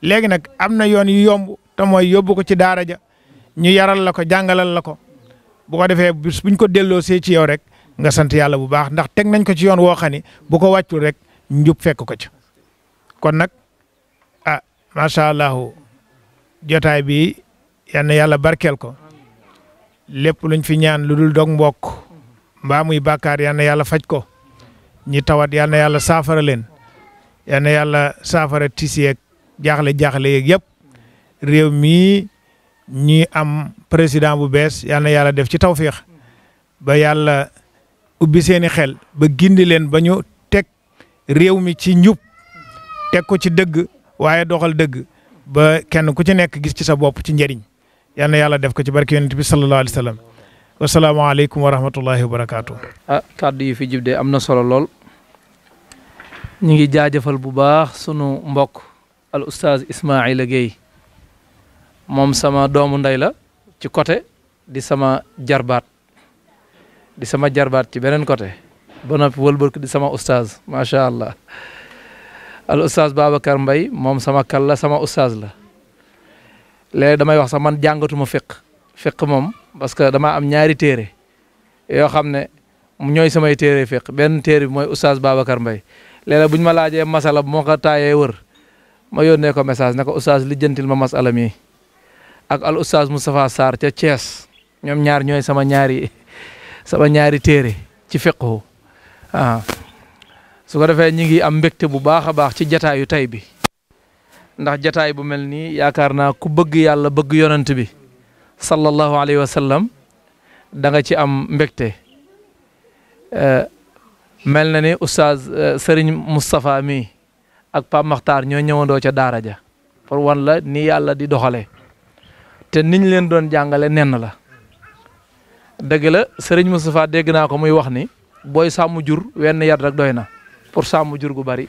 léegi nag am na yoon yu yomb te mooy yóbbu ko ci daara ja ñu yaral la ko jàngalal la ko bu ko defee buñ ko delloo see ci yow rek nga sant yàlla bu baax ndax teg nañ ko ci yoon woo xam ne bu ko wàccul rek njub fekk ko ci kon nag ah macha allah jotaay bi yal yàlla barkel ko lépp luñ fi ñaan lu dul dog mbokk mbaa muy bàkkaar yal yàlla faj ko ñi tawat yal yàlla saafara leen yal yàlla saafara tiis yeeg jaaxle jaaxle yeeg yëpp réew mii ñi am président bu bees yal yàlla def ci tawféex ba yàlla ubbi seeni xel ba gindi leen ba ñu teg réew mi ci njub teg ko ci dëgg waaye doxal dëgg ba kenn ku ci nekk gis ci sa bopp ci njëriñ yal yàlla def ko ci barke yonent bi sallallahu alayhi wa sallam wasalaamaaleykum wa rahmatullahi wa barakaatu. ah kàddu yi fi jib de am na solo lool ñu ngi jaajëfal bu baax sunu mbokk al oustaz Ismaila Guèye moom sama doomu ndey la ci côté di sama jarbaat. di sama jarbaat ci beneen côté ba noppi wëlbër di sama oustaz macha allah al oustaz Babacar mbay moom sama kal la sama oustaz la léegi damay wax sax man jàngatuma fiq fiq moom parce que damaa am ñaari téere yoo xam ne ñooy samay téere fiq benn téere bi mooy oustaz Babacar Mbaye léeg-léeg buñ ma laajee masala bu ma ko taayee wër ma yónnee ko message ne ko oustaz lijjantil ma masala mi ak al oustaz Moustapha Sarr ca Thiès ñoom ñaar ñooy sama ñaari sama ñaari téere ci fiqhu waaw ah. ko defee ñu ngi am mbégte bu baax a baax ci jataayu tey bi ndax jataay bu mel nii yaakaar naa ku bëgg yàlla bëgg yonent bi sallallahu alayhi wa danga ci am mbégte eh, mel na ni oustaz eh, Serigne Moustapha mi ak Pape Makhtar ñoo ñëwandoo ca daara ja pour wan la ni yàlla di doxalee te niñ leen doon jàngale nenn la dëgg la sëriñ Moustapha dégg naa ko muy wax ni booy sàmm jur wenn yat rek doy na pour sàmm jur gu bari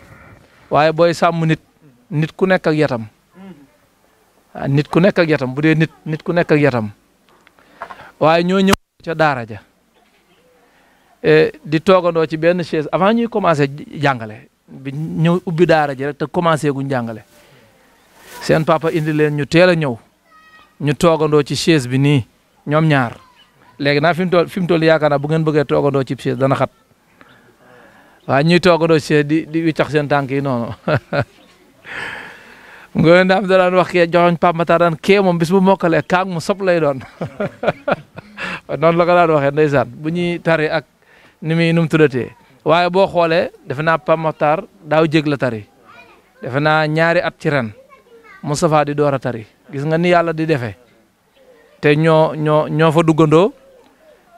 waaye booy sàmm nit nit ku nekk ak yatam ah, nit ku nekk ak yatam bu dee nit nit ku nekk ak yatam waaye ñoo ñëw ca daara ja e, di toogandoo ci benn chaise avant ñuy commencé jàngale bi ñëw ubbi daara ji rek te commencé guñ jàngale seen papa indi leen ñu teel a ñëw ñu toogandoo ci chaise bi nii ñoom ñaar léegi naa fi mu toll fi mu toll yaakaar bu ngeen bëggee toogandoo ci chaise dana xat waaw ñuy toogandoo ci di di wiccax seen tànk yi noonu ngeen am wax kee joxoñ Pape daan kee moom bis bu mokkalee kaang mu sob lay doon noonu la ko wax waxee ndeysaan bu ñuy tari ak ni muy nu mu waaye boo xoolee defe naa Pape Matar daaw jég tari defe naa ñaari at ci ren Moustapha di door a tari gis nga ni yàlla di defe te ñoo ñoo fa duggandoo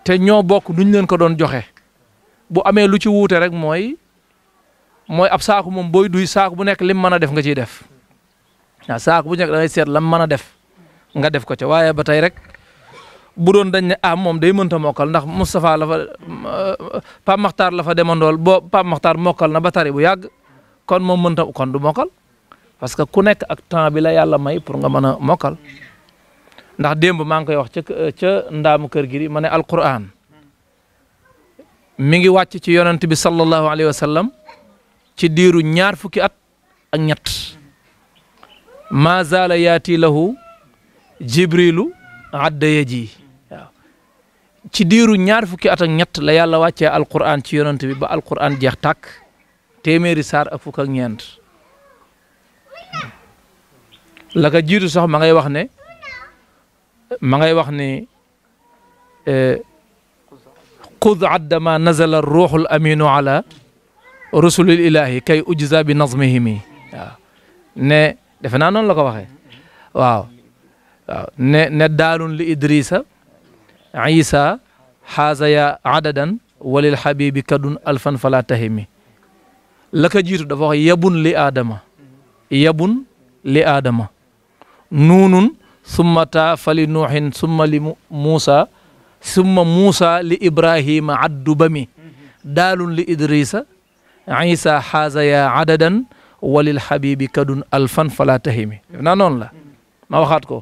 te ñoo bokk nuñ leen ko doon joxe bu amee lu ci wuute rek mooy mooy ab saaku moom booy duy saaku bu nekk lim mën a def nga ciy def waaw saaku bu nekk da seet lam mën a def nga def ko ca waaye ba tey rek bu doon dañ ne ah moom day mënta mokkal ndax Moustapha la fa Pape Makhtar la fa demandool boo Pape Makhtar mokkal na ba tari bu yàgg kon moom mënta kon du mokkal parce que ku nekk ak temps bi la yàlla may pour nga mën a mokkal ndax demb ma ngi wax ci ci ndaamu keur gi mané alquran mi ngi wacc ci yonent bi sallallahu Alaihi Wasallam ci diru ñaar fukki at ak ñett ma zaala yati lahu jibrilu adda yaji ci diru ñaar fukki at ak ñett la yalla wàccee alquran ci yonent bi ba alquran jeex tak téméri sar ak fukk ak ñent la ka jitu sax ma ngay wax ne ما غاي قد آه، خذ عدما نزل الروح الامين على رسل الاله كي اجزى بنظمهم آه. ني دفنا نون لا واخي واو آه. ني ني لادريس عيسى هذا يا عددا وللحبيب كد الفا فلا تهمي لك جيتو دا واخ يبن لادم يبن لادم نون ثم تا فلنوح ثم لموسى ثم موسى لإبراهيم عد بمي دال لإدريس عيسى حازيا عددا وللحبيب كدن ألفا فلا تهمي نانون لا ما وخاتكو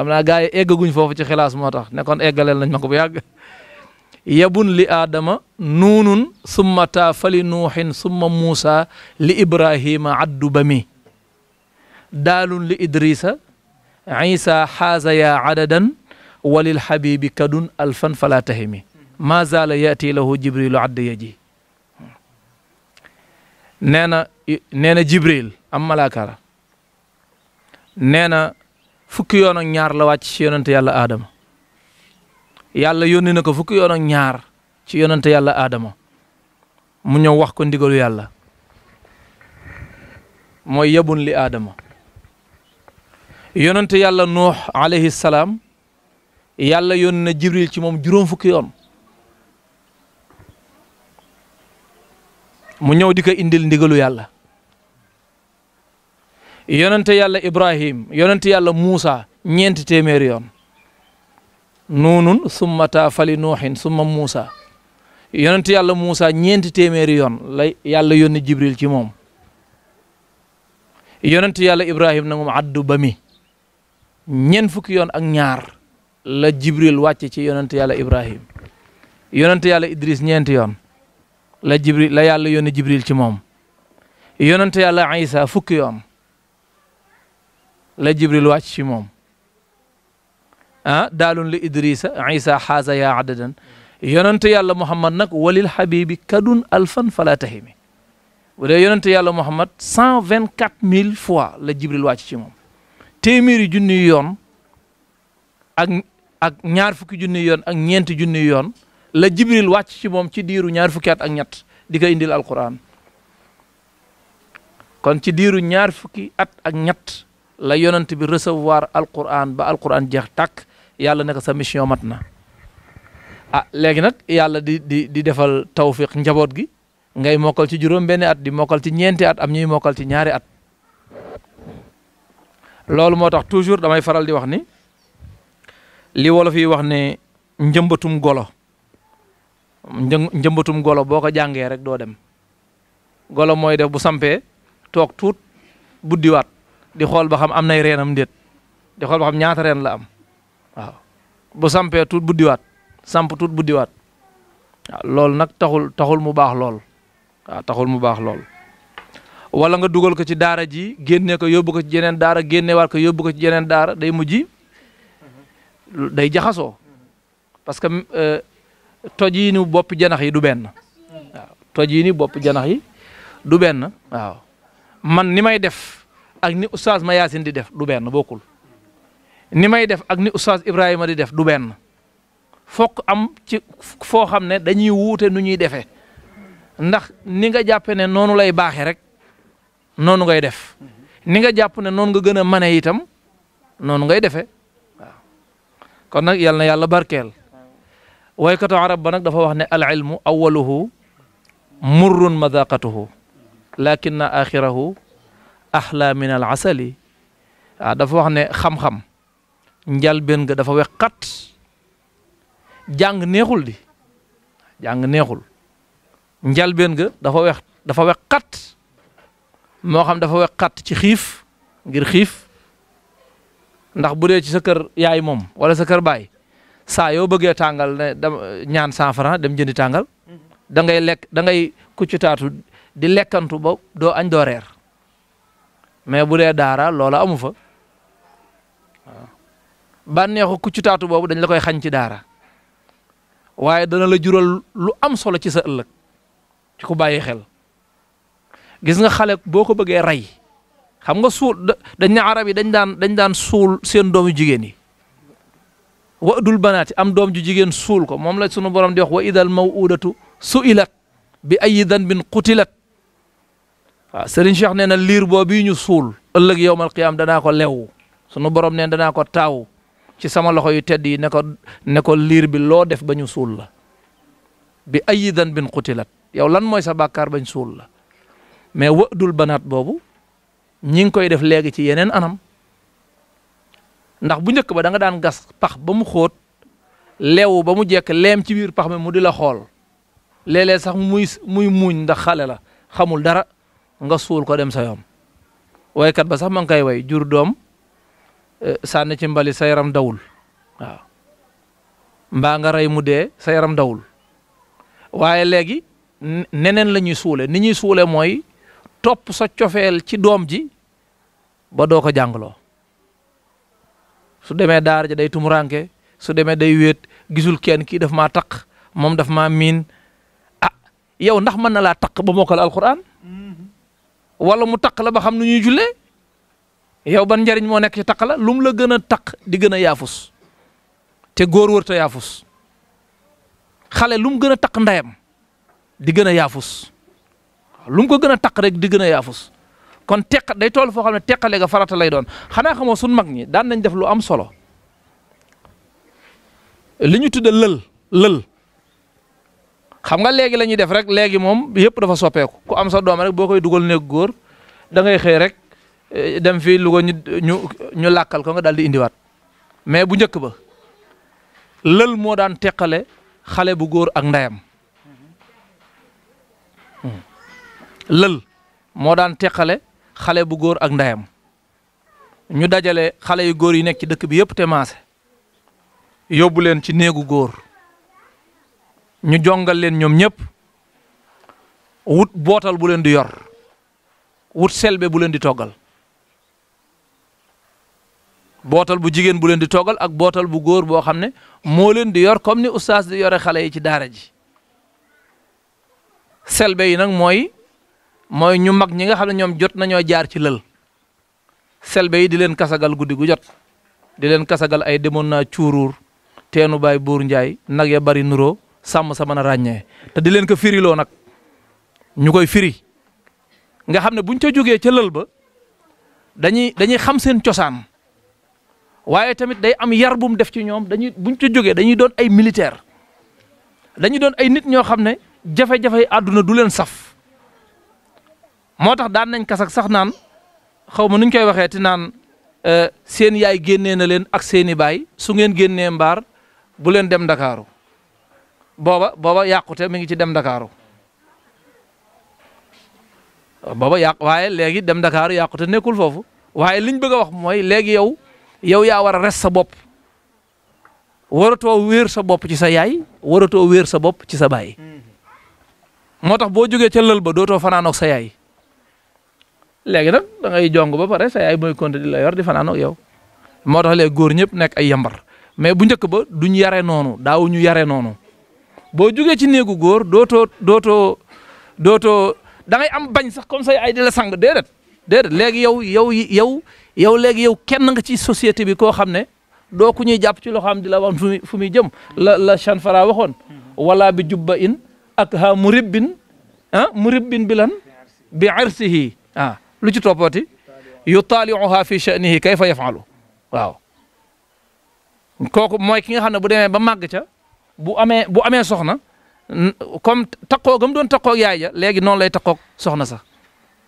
am naa gars yi eggaguñ foofu ci xilaas moo tax nekkoon eggaleel nañ ma ko bu yàgg yabun li aadama nuunun summa taa fali nuuxin summa muusa li ibrahima addu ba mi daalun li idrisa isa xaaza yaa adadan walil xabibi kadun alfan fala tahimi ma zaala yaati lahu jibrilu adda yaji nee na nee na jibril am malaaka la nee na fukki yoon ak ñaar la wàcc ci yonente yàlla aadama yàlla yónni na ko fukki yoon ak ñaar ci yonente yàlla aadama mu ñëw wax ko ndigalu yàlla mooy yebun li aadama yonent yàlla nuux alayhi salaam yàlla yónni na jibril ci moom juróom fukki yoon mu ñëw di ko indil ndigalu yàlla yonent yàlla ibrahim yonent yàlla muusa ñeenti téeméeri yoon nuunun summa taa fali nuuxin summa muusa yonent yàlla muusa ñeenti téeméeri yoon la yàlla yónni jibril ci moom yonent yàlla ibrahim na moom addu bami ñen fukki yoon ak ñaar la jibril wàcce ci yonent yàlla ibrahim yonent yàlla idris ñeenti yoon la jibril la yàlla yónni jibril ci moom yonent yàlla isa fukki yoon la jibril wàcc ci moom ah daalun li idrisa isa xaasa yaa adadan yonent yàlla muhammad nag walil habibi kadun alfan fala tahimi bu dee yonent yàlla muhammad cent vingt quatre mille fois la jibril wàcc ci moom téeméeri junni yoon ak ak ñaar fukki junni yoon ak ñent junni yoon la jibril wacc ci mom ci diiru ñaar fukki at ak ñatt di ko indil alquran kon ci diiru ñaar fukki at ak ñatt la yonent bi recevoir alquran ba alquran jeex tak yalla ne sa mission matna ah legi nak yalla di di di defal tawfik njabot gi ngay mokal ci juroom benn at di mokal ci at am ñuy mokal ci ñaari at loolu moo tax toujours damay faral di wax ni li wolof yi wax ne njëmbatum golo njëmbatum golo boo ko jàngee rek doo dem golo mooy def bu sampee toog tuut buddiwaat di xool ba xam am nay reenam ndéet di xool ba xam ñaata reen la am waaw bu sampee tuut buddiwaat samp tuut buddiwaat waaw loolu nag taxul taxul mu baax lool waaw taxul mu baax lool wala nga dugal ko ci daara ji génne ko yóbbu ko ci jeneen daara génne war ko yóbbu ko ci jeneen daara day mujj mhm. day jaxasoo parce que euh, toj yi ni bopp janax yi du benn mhm. waaw toj yi yi du benn waaw man ni may def ak ni oustaz Mayacine di def du benn bokkul ni may def ak ni oustaz Ibrahima di def du benn fokk am ci foo xam ne dañuy wuute nu ñuy defee ndax ni nga jàppe ne noonu lay baaxee rek noonu ngay def ni nga jàpp ne non nga gëna mané itam noonu ngay defé kon nak yalla yalla barkel way kato arab ba nak dafa wax ne al ilmu awwaluhu murrun madaqatuhu lakinna axirahu ahla min al asali waaw dafa wax ne xam-xam njalbeen nga dafa wex xat jàng neexul di jàng neexul njalbeen nga dafa wex dafa wex xat moo xam dafa xat ci xiif ngir xiif ndax bu dee ci sa kër yaay moom wala sa kër baay saa yoo bëggee tàngal ne da ñaan cent dem jëndi tàngal mhm. dangay ngay lekk da ngay di lekkantu ba doo añ doo reer mais bu dee daara loola amu fa waaw bànneexu kuccitaatu boobu dañ la koy xañ ci daara waaye dana la jural lu am solo ci sa ëllëg ci ku bàyyi xel. gis nga xale boo ko bëggee rey xam nga suul dañ ne arab yi dañ daan dañ daan suul seen doom yu jigéen yi wa dul banaati am doom ju jigéen suul ko moom la sunu borom di wax wa idal mawuudatu suilat bi ayi danbin qutilat waaw Serigne Cheikh nee na liir boobu ñu suul ëllëg yowmal qiyaam danaa ko lew sunu borom neen danaa ko taaw ci sama loxo yu tedd yi ne ko ne ko liir bi loo def ba ñu suul la bi ayi danbin qutilat yow lan mooy sa bàkkaar bañ suul la mais wa'dul banaat boobu ñi ngi koy def léegi ci yeneen anam ndax bu njëkk ba danga daan gas pax ba mu xóot leewu ba mu jekk leem ci biir pax mi mu di la xool léeg sax muy muy muuñ ndax xale la xamul dara nga suul ko dem sa yoon waykat ba sax ma ngi koy way jur doom e, sànni ci mbali sa yaram dawul waaw mbaa nga rey mu dee sa yaram dawul waaye léegi neneen lañuy suule ni ñuy suule mooy Top sa ciofel ci dom ji ba do ko janglo su deme dar ja day tumuranke su deme day wet gisul ken ki daf matak tak mom daf mamin min ah yow ndax man la tak ba moko alquran wala mu tak la ba xam nu ñuy jullee yow ban jariñ mo nek ci tak la lum la gëna tak di gëna yafus te góor wurtu yafus xale lum gëna tak ndayam di gëna yafus lu mu ko gën a taq rek di gën a yaafus kon teq day tool foo xam ne teqale ga farata lay doon xanaa xamoo suñ mag ñi daan nañ def lu am solo li ñu tudde lël lël xam nga léegi la ñuy def rek léegi moom yëpp dafa soppeeku ku am sa doom rek boo koy dugal néeg góor dangay xëy rek eh, dem fii lu ko ñu ñu ñu làkkal ko nga daal di indiwaat mais bu njëkk ba lël moo daan teqale xale bu góor ak ndeyam. Hmm. lël moo daan teqale xale bu góor ak ndeyam ñu dajale xale yu góor yi nekk ci dëkk bi yëpp te maase yóbbu leen ci néegu góor ñu jongal leen ñoom ñëpp wut bootal bu leen di yor wut selbe bu leen di toggal bootal bu jigéen bu leen di toggal ak bootal bu góor boo xam ne moo leen di yor comme ni ustaas di yore xale yi ci daara ji selbe yi nag mooy mooy ñu mag ñi nga xam ne ñoom jot nañoo jaar ci lël selbe yi di leen kasagal guddi gu jot di leen kasagal ay demoon naa cuuruur teenu baay buur njaay nag ya bari nuroo sàmm sa mën a ràññee te di leen ko firiloo nag ñu koy firi nga xam ne buñ ca jógee ca lël ba dañuy dañuy xam seen cosaan waaye tamit day am yar bu def ci ñoom dañuy buñ ca jógee dañuy doon ay militaire dañuy doon ay nit ñoo xam ne jafe-jafe àdduna du leen saf moo tax daan nañ kasak sax naan xaw ma nuñ koy waxee ti naan euh, seen yaay génnee na leen ak seeni baay su ngeen génnee mbaar bu leen dem ndakaaru booba booba yàqute mi ngi ci dem ndakaaru booba yàq waaye léegi dem ndakaaru yàqute nekkul foofu waaye liñ bëgg a wax mooy léegi yow yow yaa war a res sa bopp waratoo wéer sa bopp ci sa yaay waratoo wéer sa bopp ci sa baay mm-hmm. moo tax boo jógee ca lël ba dootoo fanaanook sa yaay léegi nag da ngay ba pare sa ay mooy continuer di la yor di fanaan ak yow moo tax léegi góor ñëpp nekk ay yambar mais bu njëkk ba duñ yare noonu daaw ñu yare noonu boo jugee ci néegu góor dootoo dootoo dootoo da ngay am bañ sax comme sa yaay di la sang déedéet déedéet léegi yow yow yow yow léegi yow kenn ci société bi koo xam ne doo ku ñuy jàpp ci loxo am di la wax fu muy fu muy jëm la la chanfara waxoon wala bi jubba in ak ha muribbin ah, muribbin bi lan bi arsihi ah لجي يطالعها في شأنه كيف يفعل واو كوكو موي كيغا خا نبو ديمي با ماغ تيا بو امي بو امي سخنا كوم تاكو غام دون تاكو يايا لغي نون لاي تاكو سخنا سا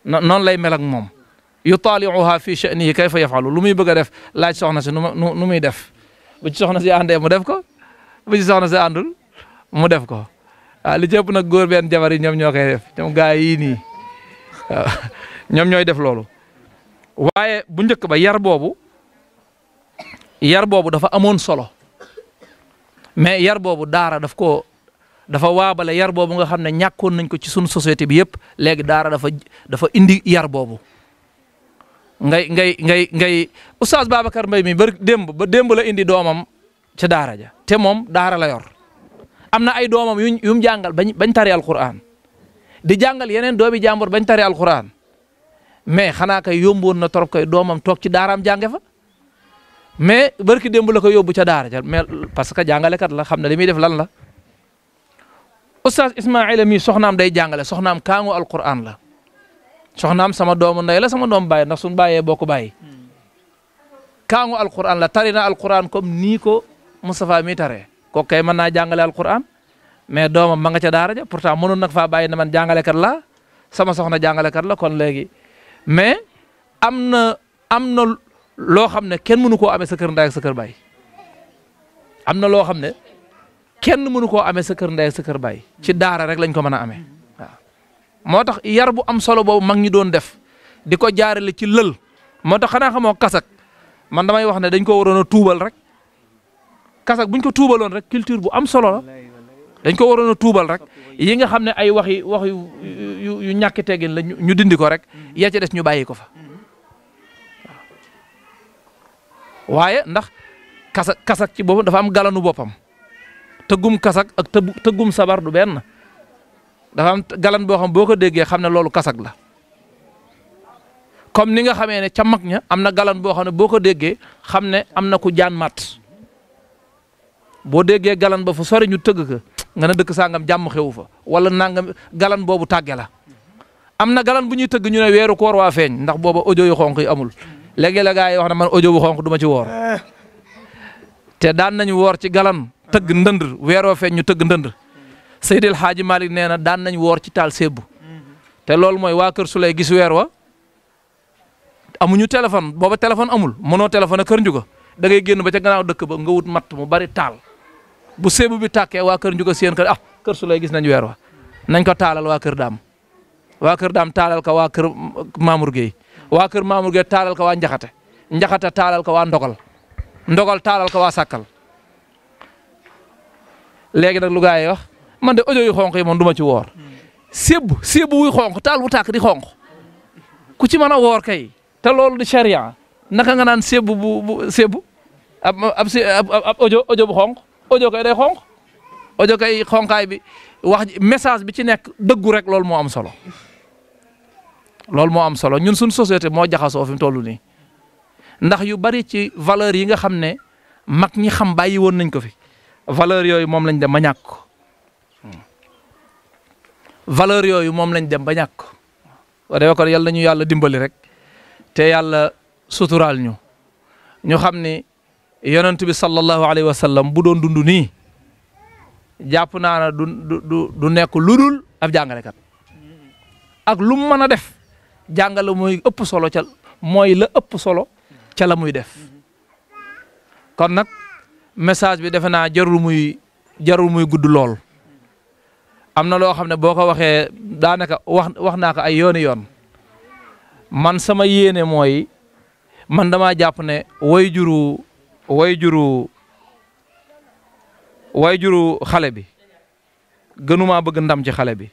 نون لاي ملك موم يطالعها في شأنه كيف يفعل لومي بغا ديف لاج سخنا سا نومي ديف بو سخنا سي اندي مو ديف كو بو سخنا سي اندول مو ديف كو آه، لي جيب نا غور بن جابري نيوم نيوكاي ديف نيوم غاي ني آه. ñoom ñooy def loolu waaye bu njëkk ba yar boobu yar boobu dafa amoon solo mais yar boobu daara daf ko dafa waabale yar boobu nga xam ne ñàkkoon nañ ko ci suñu société bi yëpp léegi daara dafa dafa indi yar boobu ngay ngay ngay ngay oustaz Babacar mbay mi bar demb ba démb la indi doomam ca daara ja te moom daara la yor am na ay doomam yu yu jàngal bañ bañ tari alquran di jàngal yeneen doomi jàmbur bañ tari alquran mais xanaa kay yomboon na trop kay doomam toog ci daaraam jànge fa mais barki démb la ko yóbbu ca daara ja mais parce que jàngalekat la xam ne li muy def lan la oustaz mi soxnaam day jàngale soxnaam kaangu alquran la soxnaam sama doomu ndey la sama doomu baay ndax suñu boo ko bàyyi kaangu alquran la tari na alquran comme nii ko Moustapha mi taree kooku kay mën naa jàngale alquran mais doomam ma nga ca daara ja pourtant mënoon faa bàyyi na man jàngalekat la sama soxna jàngalekat la kon léegi. mais am na am na loo xam ne kenn mënu koo amee sa kër ndaay ak sa kër baay am na loo xam ne kenn mënu koo amee sa kër ndaay ak sa kër baay ci daara rek lañ ko mën a amee moo tax yar bu am solo boobu mag ñi doon def di ko jaarale ci lël moo tax xanaa xamoo kasak man damay wax ne dañ ko waroon a tuubal rek kasak buñ ko tuubaloon rek culture bu am solo la. dañ ko waroon a tuubal rek yi nga xam ne ay wax wax yu yu yu ñàkk teggin la ñu dindi ko rek yaa ca des ñu bàyyi ko fa waaye ndax kasak kasak ci boppam dafa am galanu boppam tëggum kasak ak tëggum sabar du benn dafa am galan boo xam boo ko déggee xam ne loolu kasak la comme ni nga xamee ne ca mag ña am na galan boo xam ne boo ko déggee xam ne am na ku jaan mat boo déggee galan ba fu sori ñu tëgg ko nga ne dëkk sangam jàmm xew fa wala nangam galan boobu tàgge la am na galan bu ñuy tëgg ñu ne weeru koor waa feeñ ndax booba audio yu xonq yi amul léegi la gaa yi wax na man audio bu xonq du ci woor te daan nañu woor ci galan tëgg ndënd weeroo feeñ ñu tëgg ndënd Seydil Hadji Malick nee na daan nañ woor ci taal sebbu te loolu mooy waa Kër Suley gis weer wa ñu téléphone booba téléphone amul mënoo téléphone a kër njuga da ngay génn ba ca ganaaw dëkk ba nga matt mu bari taal bu séemu bi tàkkee waa kër njuga seen kër ah kër su lay gis nañ weer wa nañ ko taalal waa kër daam waa kër daam taalal ko waa kër Mamour Gueye waa kër Mamour Gueye taalal ko waa Njaxate Njaxate taalal ko waa Ndogal Ndogal taalal ko waa Sàkkal léegi nag lu gaa wax man de audio yu xonq yi mon du ma ci woor sébb sébb wuy xonq taal bu tàkk di xonq ku ci mën a woor kay te loolu di charia naka nga naan sébb bu bu sébb ab ab bu xonq audio kay day xonq audio kay xonqaay bi wax message bi ci nekk dëggu rek loolu moo am solo loolu moo am solo ñun suñ société moo jaxasoo fi mu toll nii ndax yu bari ci valeur yi nga xam ne mag ñi xam bàyyi woon nañ ko fi valeur yooyu moom lañ dem ba ñàkk valeur yooyu moom lañ dem ba ñàkk wa de kon yàlla ñu yàlla dimbali rek te yàlla suturaal ñu ñu xam ni yonent bi sallallahu alayhi wa sallam bu doon dund nii jàpp naa ne du du du nekk lu dul ab jàngalekat ak lu mu mën a def jàngale mooy ëpp solo ca mooy la ëpp solo ca la muy def kon nag message bi defe naa jarul muy jarul muy gudd lool am na loo xam ne boo ko waxee daanaka wax wax naa ko ay yooni yoon man sama yéene mooy man damaa jàpp ne way juru way juru way juru xale bi gënumaa bëgg ndam ci xale bi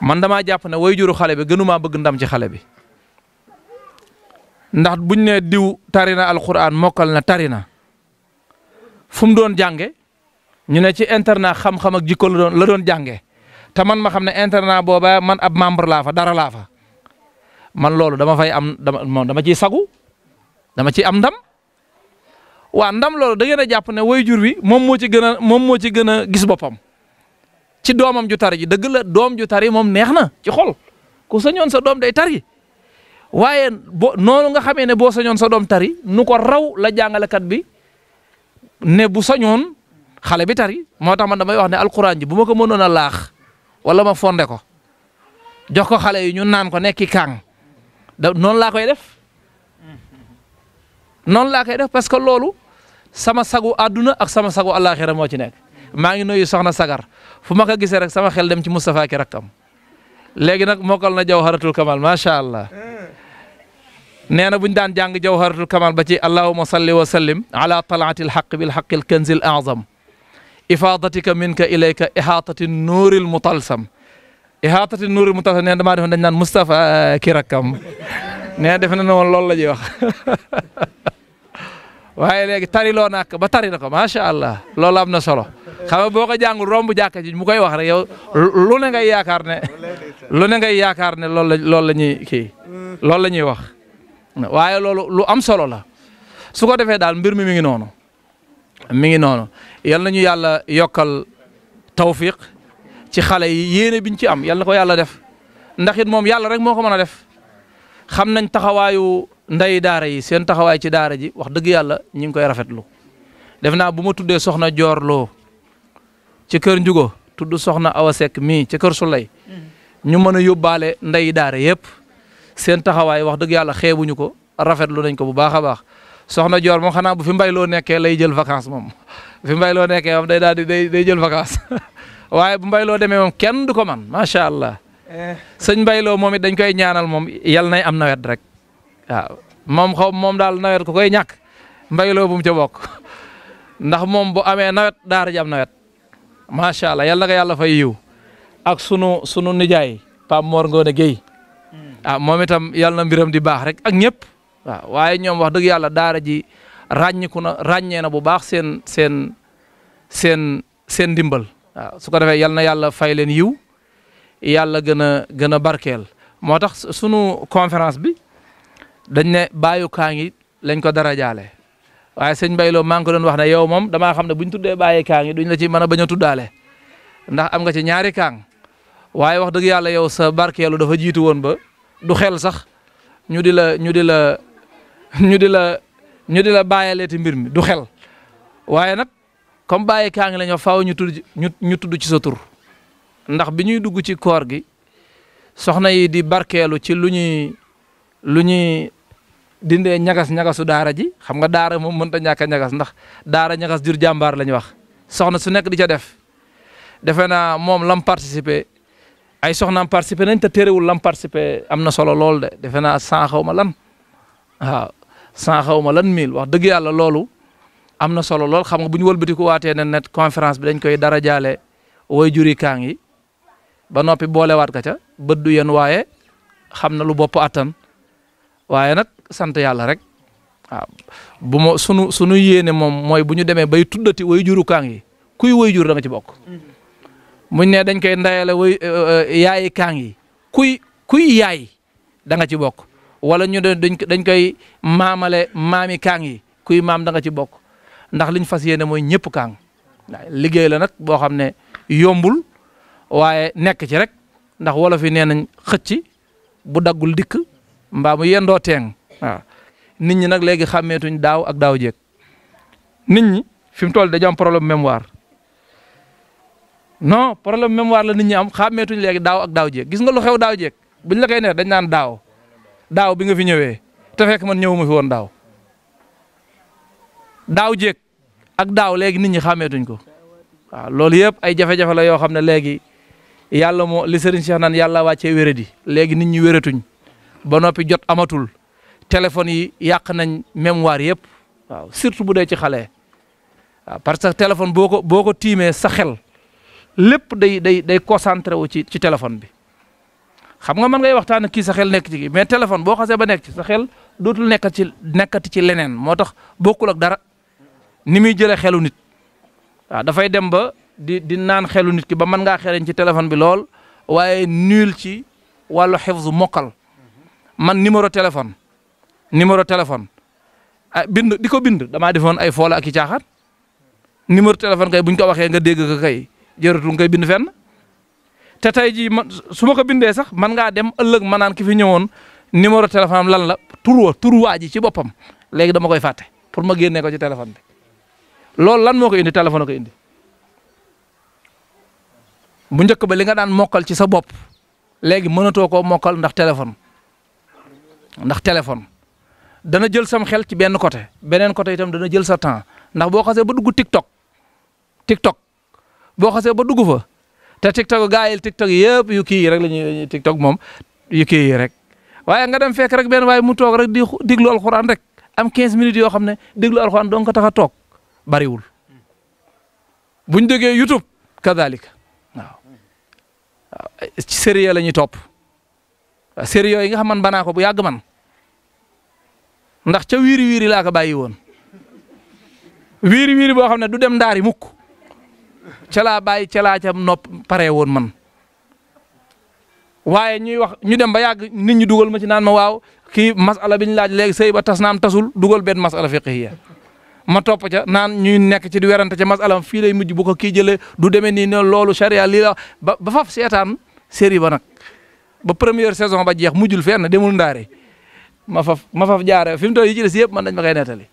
man damaa jàpp ne way juru xale bi gënumaa bëgg ndam ci xale bi ndax buñ ne diw tarina alquran mokkal na tarina fu mu doon jànge ñu ne ci internat xam-xam ak jikko la doon la doon jànge te man ma xam ne internat booba man ab membre laa fa dara laa fa man loolu dama fay am dama dama ciy sagu dama ci am ndam waa ndam loolu da ngeen a jàpp ne woy jur wi moom moo ci gën a moom moo ci gën gis boppam ci doomam ju tari ji dëgg la doom ju tari moom neex na ci xol ku sañoon sa doom day tari waaye boo noonu nga xamee ne boo sañoon sa doom tari nu ko raw la jàngalekat bi ne bu sañoon xale bi tari moo tax man damay wax ne alquran ji bu ma ko mënoon a laax wala ma fonde ko jox ko xale yi ñu naan ko nekki kàng da noonu laa koy def noonu laa koy def parce que loolu sama sagu àdduna ak sama sagu àllaaxira moo ci nekk maa ngi nuyu soxna Sagar fu ma ko gisee rek sama xel dem ci Moustapha ki rakkam léegi nag mokkal na jawharatul kamal macha allah nee na bu ñu daan jàng jawharatul kamal ba ci allahuma salli wa sallim ala talaati alxaq bil xaqi alkanzi al azam ifaadatika minka ilayka ihaatati nuuril mutalsam i e xaatati nuuri mu tasa nee damaa defoon dañ naan Moustapha eh, eh, kii rakkam nee defe na ne woon loolu la ñuy wax waaye léegi tari loo nàkk ba tari na ko macha allah loolu am na solo xam nga boo ko jàngul romb jàkka ji mu koy wax rek yow lu ne ngay yaakaar ne lu ne ngay yaakaar ne loolu la loolu la kii loolu la ñuy wax waaye loolu lu am solo la su ko defee daal mbir mi mi ngi noonu mingi ngi noonu yal nañu yàlla yokkal tawfiq ci xale yi yéene biñ ci am yàlla na ko yàlla def ndax it moom yàlla rek moo ko mën a def xam nañ taxawaayu nday daara yi seen taxawaay ci daara ji wax dëgg yàlla ñu ngi koy lu def naa bu ma tuddee soxna joor Lo ci kër Njugo tudd soxna Awa Seck mii ci kër Sulay ñu mën a yóbbaale nday daara yëpp seen taxawaay wax dëgg yàlla xeebuñu ko rafetlu nañ ko bu baax a baax soxna Dior moom xanaa bu fi mbay loo nekkee lay jël vacance moom fi mbay loo nekkee waaye bu mbayloo demee moom kenn du ko man macha allah eh. sëñ mbayloo moom it dañ koy ñaanal moom yal nay am nawet rek waaw moom xaw moom daal nawet ku koy ñàkk mbayloo bu mu ca ndax moom bu amee nawet daara ji am nawet macha allah yal na ko yàlla fay yiw ak sunu sunu nijaay Pape Mor Ngone Guèye hmm. ah moom itam yal mbiram di baax rek ak ñëpp waaw waaye ñoom wax dëgg yàlla daara ji ràññiku na ràññee na bu baax seen seen seen seen ndimbal su ko defé yal na yàlla fay len yiw yalla gëna gëna barkel motax suñu conférence bi dañ né bayu kaangi lañ ko dara jaale waye señ baylo maa ngi ko doon wax na yow mom dama xamné buñ tuddé bàyyi kaangi duñ la ci mëna baña tuddalé ndax am nga ci ñaari kaang waye wax dëgg yalla yow sa barkelu dafa jitu won ba du xel sax ñu di la ñu di la ñu di la ñu di la mbir mi du xel waye nak comme bàyyi kaangi la ñoo faaw ñu tudd ñu tudd ci sa Sohna ndax dugg ci koor gi soxna yi di barkelu ci lu ñuy lu ñuy ñagas ñagasu daara ji xam nga daara moom mënta ñàkk a ñagas ndax daara ñagas jur jàmbaar la wax soxna su nekk di ca def defena mom lam participer ay soxnaam participer nañ lam participer am solo lool de defe naa san xaw ma lan waaw san xaw lan mil wax dëgg yàlla loolu am na solo lool xam nga bu ñu wëlbatiku waatee ne net conference bi dañ koy dara jaale jur juri kaang yi ba noppi boolewaat ka ca bët du waaye xam na lu bopp attan waaye nag sant yàlla rek waaw bu ma sunu sunu yéene moom mooy bu ñu demee bay tuddati woy juru kaang yi kuy woy jur danga ci bokk. Mm-hmm. muñ ne dañ koy ndayale woy eh, eh, yaayi kaang yi kuy kuy yaay da ci bokk wala ñu dañ koy maamale maami kaang yi kuy maam danga ci bokk. ndax liñ fas yéene mooy ñëpp kaang liggéey la nag boo xam ne yombul waaye nekk ci rek ndax wolof yi nee nañ xëcc bu daggul dikk mbaam mu yendoo teeng waaw nit ñi nag léegi xàmmeetuñ daaw ak daaw jéeg nit ñi fi mu toll dañoo am problème mémoire non problème mémoire la nit ñi am xàmmeetuñ léegi daaw ak daaw jéeg gis nga lu xew daaw jeek bu ñu la koy neex dañ naan daaw daaw bi nga fi ñëwee te fekk man ñëwuma fi woon daaw. daaw jéeg ak daaw léegi nit ñi xàmmeetuñ ko waaw loolu yëpp ay jafe-jafe la yoo xam ne léegi yàlla moo li Serigne Cheikh naan yàlla wàccee wéradi léegi nit ñi wératuñ ba noppi jot amatul téléphone yi yàq nañ mémoire yëpp waaw surtout bu dee ci xale waaw parce que téléphone boo ko boo ko tiimee sa xel lépp day day day concentré wu ci ci bi xam nga man ngay waxtaan kii sa xel nekk ci gi mais téléphone boo xasee ba nekk ci sa xel dootul nekk ci nekkati ci leneen moo tax bokkul ak dara. ni muy jëlee xelu nit waaw dafay dem ba di naan xelu nit ki ba mën ngaa xereñ ci téléphone bi lool waaye nul ci wàllu xifzu mokkal man numéro téléphone numéro téléphone ah bind di ko bind damaa defoon ay foola ak i numéro téléphone kay buñ ko waxee nga dégg ko kay jëratul nga koy bind te tey jii man su ma ko bindee sax man ngaa dem ëllëg ma naan ki fi ñëwoon numéro téléphone am lan la tur wa tur waa ji ci boppam léegi dama koy fàtte pour ma génnee ko ci téléphone bi loolu lan moo ko indi téléphone ko indi bu njëkk ba li nga daan mokkal ci sa bopp léegi mënatoo koo mokkal ndax téléphone ndax téléphone dana jël sam xel ci benn côté beneen côté tam dana jël sa temps ndax boo xasee ba dugg TikTok TikTok boo xasee ba dugg fa te TikTok gaa yi TikTok yëpp yu kii yi rek la ñuy TikTok moom yu kii yi rek waaye nga dem fekk rek benn waaye mu toog rek di diglu alxuraan rek am 15 minutes yoo xam ne diglu alxuraan dong ko tax a toog. bariwul buñ déggee YouTube kadhalika waaw ci série la ñuy topp série yooyu nga xam man banaa ko bu yàgg man ndax ca wiiri wiiri laa ko bàyyi woon wiiri wiiri boo xam ne du dem ndaari mukk ca laa bàyyi ca laa ca nopp pare woon man waaye ñuy wax ñu dem ba yàgg nit ñi dugal ma ci naan ma waaw kii masala bi laaj léegi sëy ba tas naam tasul dugal benn masala fiqhiya ma topp ca naan ñu nekk ci di werante ca masalam fii lay mujj bu ko kii jëlee du demee nii ne loolu charia lii la ba ba faf seetaan série ba nag ba première saison ba jeex mujjul fenn demul ndaare ma faf ma faf jaaree fi mu toll yi ci des yëpp mën nañ ma koy nettali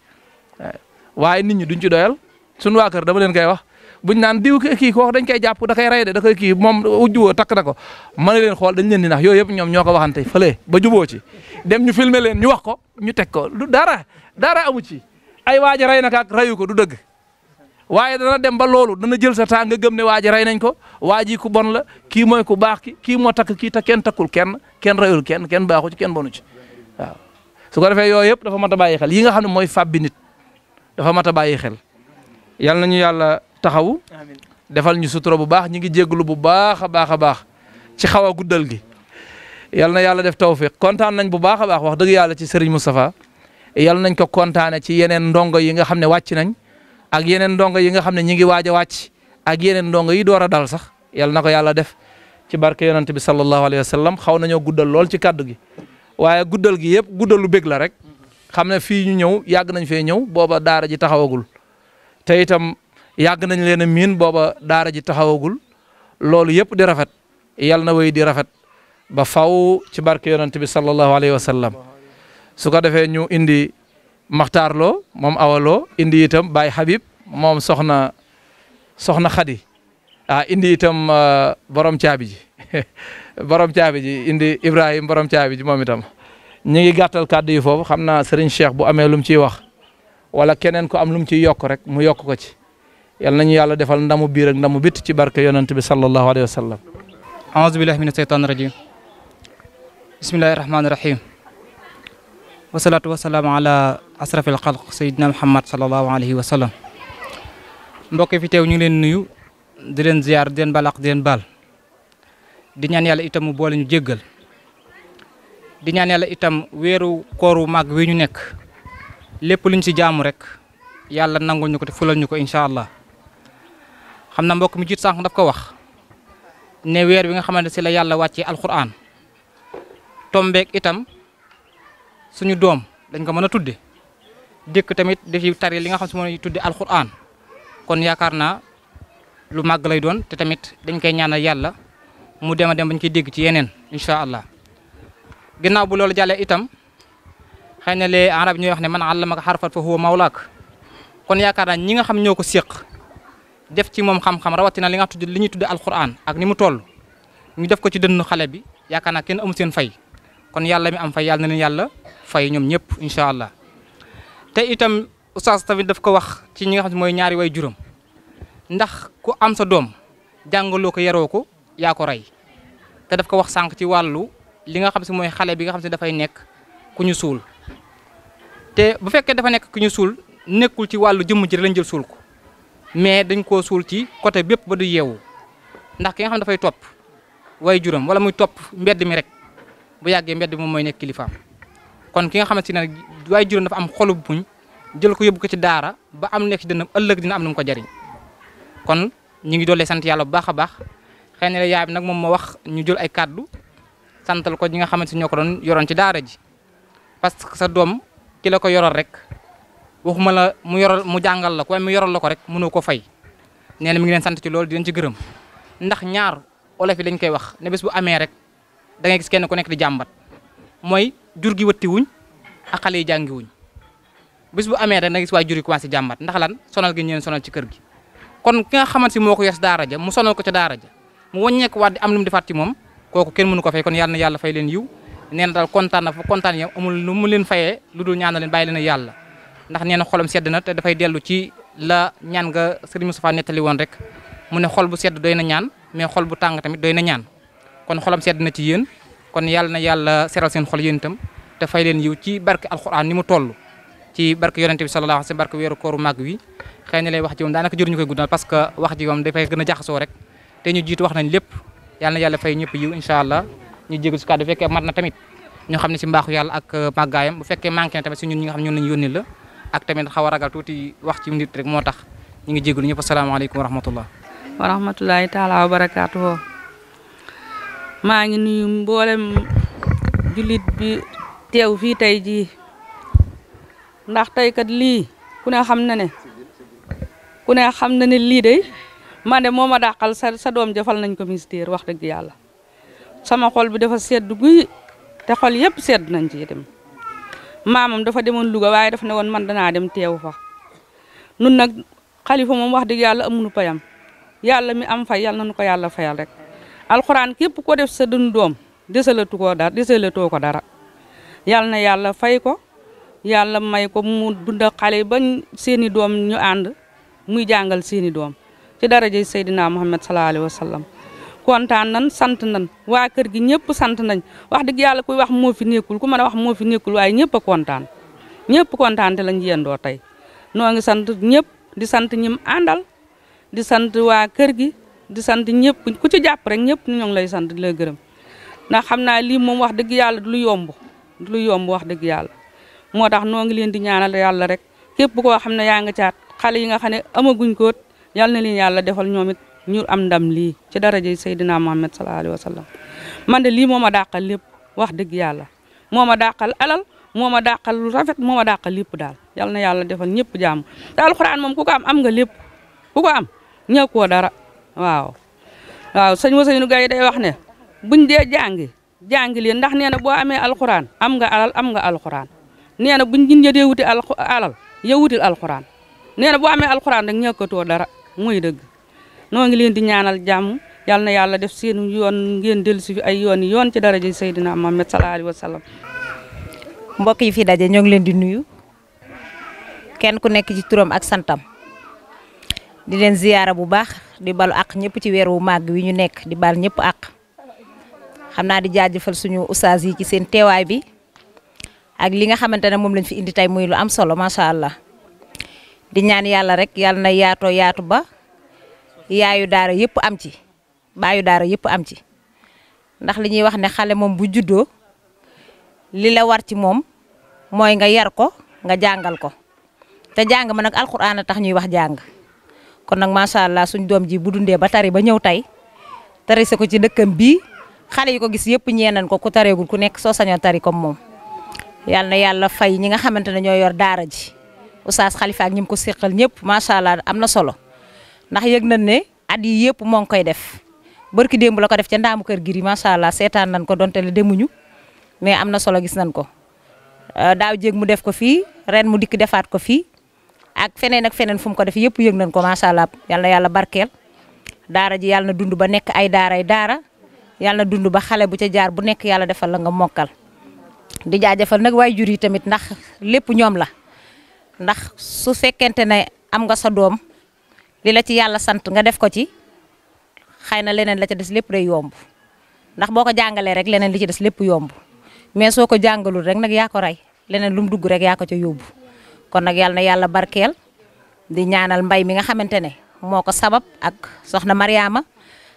waaye nit ñi duñ ci doyal sunu waa kër dama leen koy wax buñ naan diw kii ko wax dañ koy jàpp da koy de da koy kii moom ujjuwoo takk na ko ma ne leen xool dañ leen di nax yooyu yëpp ñoom ñoo ko waxante fële ba juboo ci dem ñu filmer leen ñu wax ko ñu teg ko lu dara dara amu ci ay waaja a na kaak reyu ko du dëgg waaye dana dem ba loolu dana jël sa temps nga gëm ne waa rey nañ ko waa ku bon la kii mooy ku baax ki kii moo takk kii te kenn takkul kenn kenn reyul kenn kenn baaxu ci kenn bonu ci su ko defee yooyu yëpp dafa mat a bàyyi xel yi nga xam ne mooy fàbbi nit dafa mat a bàyyi xel yal nañu yàlla taxawu defal ñu sutura bu baax ñu ngi jégalu bu baax a baax a baax ci xaw a guddal gi yal na yàlla def tawfiq kontaan nañ bu baax a baax wax dëgg yàlla ci Serigne Moustapha yal nañ ko kontaane ci yeneen ndongo yi nga xam ne wàcc nañ ak yeneen ndongo yi nga xam ne ñi ngi waaj a wàcc ak yeneen ndongo yi door a dal sax yal na ko yàlla def ci barke yonent bi sallallahu alayhi wa sallam xaw nañoo guddal lool ci kaddu gi waaye guddal gi yëpp guddal lu bég la rek xam ne fii ñu ñëw yàgg nañ fe ñëw booba daara ji taxawagul te itam yàgg nañ leen a miin booba daara ji taxawagul loolu yëpp di rafet yal na wéy di rafet ba faw ci barke yonent bi sallallahu alayhi wa sallam su ko defee ñu indi Maxtaar Lo moom awaloo indi itam Baye Habib moom soxna soxna Xadi ah indi itam uh, borom caabi ji borom caabi ji indi Ibrahim borom caabi ji moom itam ñu ngi gàttal kàddu yi foofu xam naa Serigne Cheikh bu amee lu mu ciy wax wala keneen ko am lu mu yokk rek mu yokk ko ci yal nañu yàlla defal ndamu biir ak ndamu bit ci barke yonent bi sallallahu alayhi wa sallam. aouzu billahi mina shaytaani wasalaatu wasalaam ala asrafil xalq sayidina muhammad salallahu alayhi wa sallam mbokk fi ñu ngi leen nuyu di leen ziar di leen balaq di baal di ñaan yàlla itam mu boole ñu jéggal di ñaan yàlla itam weeru kooru màgg wi ñu nekk lépp luñ si jaamu rek yàlla nangul ñu ko te fulal ñu ko incha allah xam na mbokk mi jiit sànq daf ko wax ne weer wi nga xamante si la yàlla wàccee alquran tombeek itam suñu dom dañ ko mëna tuddé tudde tamit def yi tari li nga xam si mooy tudde alquran kon yakarna lu mag lay doon té tamit dañ koy ñaanal yalla mu déma dem bañ koy dégg ci yenen inshallah allah bu loolu jalé itam xayna lé arab ñoy wax né man allamaka xarfan fa huwa mawlak kon yakarna ñi nga xam ñoko ko def ci mom xam-xam rawatina li nga tuddé li ñuy tuddé alquran ak ni mu toll ñu def ko ci dënnu xalé bi yakarna kenn amu seen fay kon yàlla mi am fa yàlla na leen yàlla fay ñoom ñëpp incha allah te itam oustaz tamit daf ko wax ci ñi nga xam ne mooy ñaari waay juróom ndax ku am sa doom jàngaloo ko yaroo ko yaa ko rey te daf ko wax sànq ci wàllu li nga xam si mooy xale bi nga xam si dafay nekk ku ñu suul te bu fekkee dafa nekk ku ñu suul nekkul ci wàllu jëmm ji lañ jël suul ko mais dañ koo suul ci côté bépp ba du yeewu ndax ki nga xam dafay topp way juróom wala muy topp mbedd mi rek bu yàggee mbedd moom mooy ne kilifaam kon ki nga xamante ne waaye juróom dafa am xolub buñ jël ko yóbbu ko ci daara ba am nekk ci dënam ëllëg dina am lu ko jariñ kon ñu ngi doolee sant yàlla bu baax a baax xëy na yaay bi nag moom ma wax ñu jël ay kàddu santal ko ji nga xamante ne ñoo ko doon yoroon ci daara ji parce que sa doom ki la ko yoroon rek waxuma la mu yoral mu jàngal la ko waaye mu yoroon la ko rek mënoo ko fay nee na mi ngi leen sant ci loolu di ci gërëm ndax ñaar olof yi lañ koy wax ne bés bu amee rek da ngay gis kenn ku nek di jambat moy jur gi wëtti wuñ ak xalé jangi wuñ bis bu Nakalan rek da ngay gis wa jur yi commencé jambat ndax lan sonal gi ñeen sonal ci kër gi kon ki nga xamanteni si yes dara ja mu sonal ko ci dara ja mu wagne ko di am lu mu defaat ci moom kenn mënu ko fay kon yalla na yalla fay leen yiw nee dal contane na fa contane yam amul lu mu leen fayé luddul dul ñaan leen bàyyi leen yàlla ndax neena xolam sedd na te fay delu ci la ñaan nga Serigne Moustapha netali won rek mu ne xol bu sedd doyna ñaan mais xol bu tang tamit doyna ñaan kon xolam sedd na ci yeen kon yalla na yalla seral seen xol yeen tam te fay leen yiw ci barke alquran ni mu tollu ci barke yaronte bi sallallahu alaihi wasallam barke weeru koru mag wi xeyna lay wax ci moom danaka jor ñukay guddal parce que wax ji moom dafay gën a jaxasoo rek te ñu jitu wax nañ lepp yalla na yalla fay ñepp yu inshallah ñu jéggu ci kàddu bu fekkee mat na tamit ñu xamni ci mbaxu yalla ak euh, magayam bu fekke manké tamit ci ñun ñi nga xam ñun lañu yonni la ak tamit xawa ragal tuti wax ci nit rek motax ñi ñu ngi ñepp assalamu alaykum wa rahmatullah wa rahmatullahi taala wa barakatuh maa ngi nuyu mboolem jullit bi teew fii tey jii ndax tey kat lii ku ne xam na ne ku ne xam na ne lii day man moom moo ma dàqal sa sa doom jafal nañ ko ministère wax dëgg yàlla sama xol bi dafa sedd guy te xol yëpp sedd nañ ci dem maamam dafa demoon Louga waaye daf ne woon man danaa dem teew fa nun nag xalifa moom wax dëgg yàlla amuñu payam yàlla mi am fay yàlla nañu ko yàlla fayal rek alxuraan képp ko def sa dund doom desalatu ko dara desalatoo ko dara yàlla na yàlla fay ko yàlla may ko mu dund xale ba seeni doom ñu ànd muy jàngal seeni doom ci daraja Seydina Muhammad sallallahu alayhi wa sallam kontaan nan sant nan waa kër gi ñëpp sant nañ wax dëgg yàlla koy wax moo fi nekkul ku mën a wax moo fi nekkul waaye ñëpp a kontaan ñëpp kontaan te lañ yendoo tey sant ñëpp di sant ñim àndal di sant waa kër di sant ñëpp ku ci jàpp rek ñëpp ñoo ngi lay sant di la gërëm ndax xam naa lii moom wax dëgg yàlla du lu yomb du lu yomb wax dëgg yàlla moo tax noo ngi leen di ñaanal yàlla rek képp koo xam ne yaa nga caat xale yi nga xam ne amaguñ ko yal na leen yàlla defal ñoom it ñu am ndam lii ci daraja Seydina Muhammad sallallahu alayhi wa sallam man de lii moo ma dàqal lépp wax dëgg yàlla moo ma dàqal alal moo ma dàqal lu rafet moo ma dàqal lépp daal yal na yàlla defal ñëpp jàmm te alxuraan moom ku am am nga lépp ku am ñëw dara. waaw waaw mo señu Gaye day wax ne buñ dé jàngi jàngi leen ndax néna na amé alquran am nga alal am nga alquran néna na buñ gin jëdee wuti al alal yow alquran néna bo na alquran amee alxuraan rek ñëkkatoo dara muy dëgg no ngi leen di ñaanal jamm yalla na yalla def seen yoon ngeen del si ay yoon yoon ci ji sayyidina Muhammad sallallahu alaihi wasallam mbokk yi fi dajé ñoo leen di nuyu kenn ku nekk ci turam ak santam di len ziyaara bu baax di balu ak ñepp ci wéru mag wi ñu nekk di bal ñepp ak xamna di jaajeufal suñu oustaz yi ci seen téway bi ak li nga xamantene mom lañ fi indi tay muy lu am solo macha allah di ñaan yalla rek yalla na yaato yaatu ba yaayu daara yépp am ci baayu daara yépp am ci ndax li ñi wax ne xalé mom bu juddoo li la war ci mom moy nga yar ko nga jangal ko te jang ma nag alquran tax ñuy wax jang kon nak macha suñ dom ji bu dundé ba tari ba ñew tay tari sa ko ci dëkkam bi xalé yu ko gis yépp ñeenan ko ku gul ku nekk so tari comme ya yalla na fay ñi nga xamantene ne yor daara ji oustaz khalifa ak ñim ko sékkal amna solo ndax yegg na ne at yi yépp mo ngi koy def barki démb la def ci ndamu kër giri macha setan nan nañ ko donté le demuñu mais amna solo gis nan ko daaw jégg mu def ko fi ren mu dik defaat ko fi ak fenen ak fenen fum ko def yep yeug nañ ko macha allah yalla na daara ji yalla dundu ba nek ay daaray daara yàlla na dund ba xale bu ca jaar bu nek yalla defal la nga mokal di jaajeufal nak way juri tamit ndax lepp ñom la ndax su fekente ne am nga sa dom li la ci yalla sant nga def ko ci xëy leneen la ca dess lepp day yomb ndax boko jangale rek leneen li ci dess lepp yomb mais soko jangalul rek nak ya ko ray leneen lum dugg rek ya ko ca yobbu kon nak yàlla na barkel di ñaanal mbay mi nga xamantene moko sabab ak soxna Mariama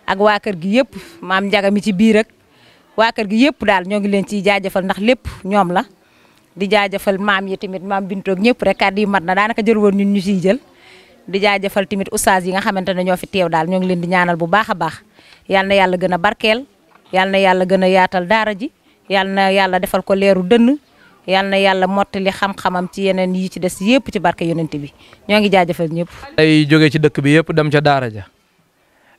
ak wa kër gi yëpp maam jaga mi ci biir ak wa kër gi yëpp dal ñogi leen ci jaajeufal ndax lepp ñom la di jaajeufal maam yi tamit maam bintoog ñëpp rek kàddu mat na daanaka jël won ñun ñu ci jël di jaja timit oustaz yi nga xamantene ño fi tew dal ñogi leen di ñaanal bu baaxa baax yal na yàlla barkel a yalla yal na yàlla gën yaatal dara ji yal na defal ko leeru deun yal na motali xam-xamam ci yenen yi ci dess yep ci barke yonent bi ñoo jaajeufal ñep ay joge ci dekk bi yep dem ca daara ja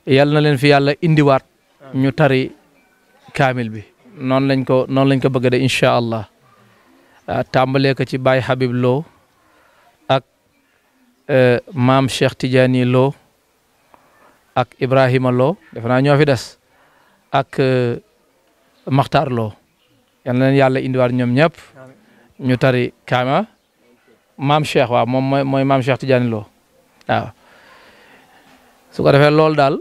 yal na leen fi indi wat ñu tari kamil bi non lañ ko non lañ ko bëgg de inshallah allah ah, ko ci Baye Habib Lo ak eh, Mam Cheikh Tidiane Lo ak Ibrahima Lo defe naa fi des ak eh, Maktar Lo yal na yalla indi wat ñom ñep ñu tari kaama maam Cheikh waa moom mooy mooy maam Cheikh Tidiane loo waaw su ko defee loolu daal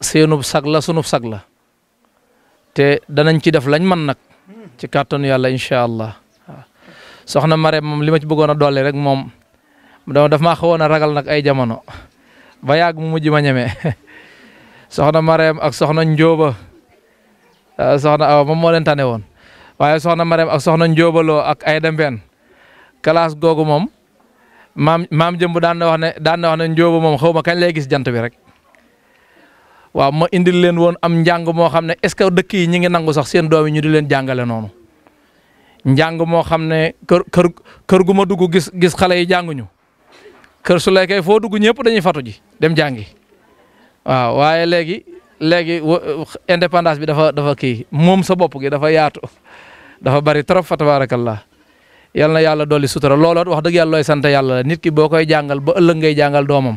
seenu sag la sunub sag la te danañ ci def lañ man nag ci kàttanu yàlla incha allah soxna Mare moom li ma ci bëggoon a dolli rek moom daf maa xawoon a ragal nag ay jamono ba yàgg mu mujj ma ñeme soxna Mareem ak soxna Njóoba soxna Awa moom moo leen tane woon. waaye soxna Marème ak soxna Njóobaloo ak ay demfeen classe googu moom maam maam jëmb daan na wax ne daan wax ne Njóoba moom xaw ma kañ lay gis jant bi rek waaw ma indil leen woon am njàng moo xam ne est ce que dëkk yi ñi ngi nangu sax seen doom yi ñu di leen jàngale noonu njàng moo xam ne kër kër kër gu ma dugg gis gis xale yi jànguñu kër su lekkee foo dugg ñëpp dañuy fatu ji dem jàngi waaw waaye léegi léegi indépendance bi dafa dafa kii moom sa bopp gi dafa yaatu. dafa bari trop fa tabaarakallah yal na yàlla dolli sutura looloot wax dëgg yàlla looy sant yàlla nit ki boo koy jàngal ba ëllëg ngay jàngal doomam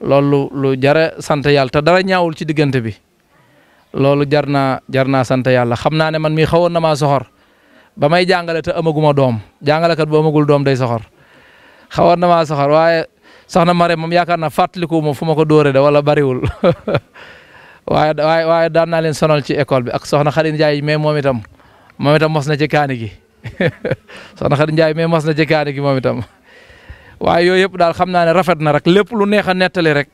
loolu lu jara sant yàlla te dara ñaawul ci diggante bi loolu jar naa jar naa sant yàlla xam naa ne man mii xawoon na maa soxor ba may jàngale te amaguma doom jàngalekat bu amagul doom day soxor xawoon na maa soxor waaye soxna Mare moom yaakaar naa fàttaliku ma fu ma ko dóoree de wala bariwul waaye waaye waaye daan naa leen sonal ci école bi ak soxna Xarin Njaay mais moom itam moom itam mos na ci kaani gi soxna Xadi Njaay mais mos na ci kaani gi moom itam waaye yooyu yëpp daal xam naa ne rafet na rek lépp lu neex a nettali rek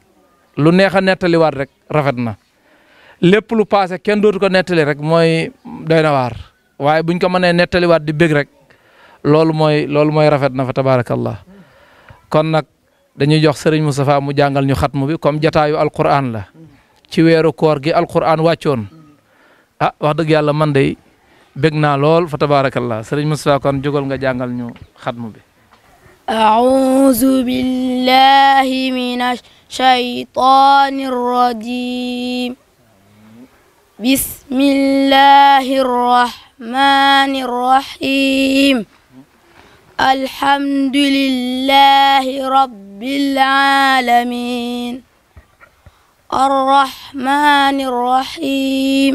lu neex a nettaliwaat rek rafet na lépp lu paase kenn dootu ko nettali rek mooy doy na waar waaye buñ ko mënee nettaliwaat di bég rek loolu mooy loolu mooy rafet na fa tabaarakallah kon nag dañuy jox Serigne Moustapha mu jàngal ñu xatmu bi comme jataayu alquran la ci weeru koor gi alquran wàccoon ah wax dëgg yàlla man de bég naa lool fa tabaarakallah sëriñ Moustapha kon jógal nga jàngal ñu xatmu bi أعوذ بالله من الشيطان الرجيم بسم الله الرحمن الرحيم الحمد لله رب العالمين الرحمن الرحيم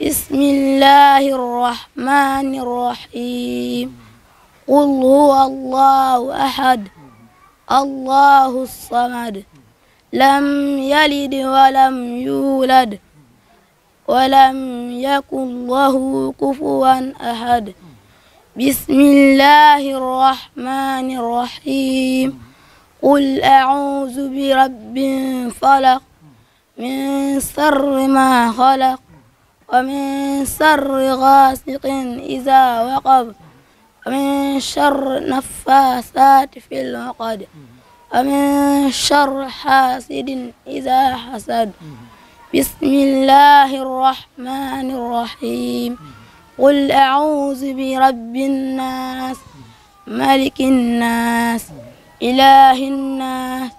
بسم الله الرحمن الرحيم قل هو الله أحد الله الصمد لم يلد ولم يولد ولم يكن له كفوا أحد بسم الله الرحمن الرحيم قل أعوذ برب فلق من شر ما خلق ومن شر غاسق إذا وقب ومن شر نفاثات في العقد ومن شر حاسد إذا حسد بسم الله الرحمن الرحيم قل أعوذ برب الناس ملك الناس إله الناس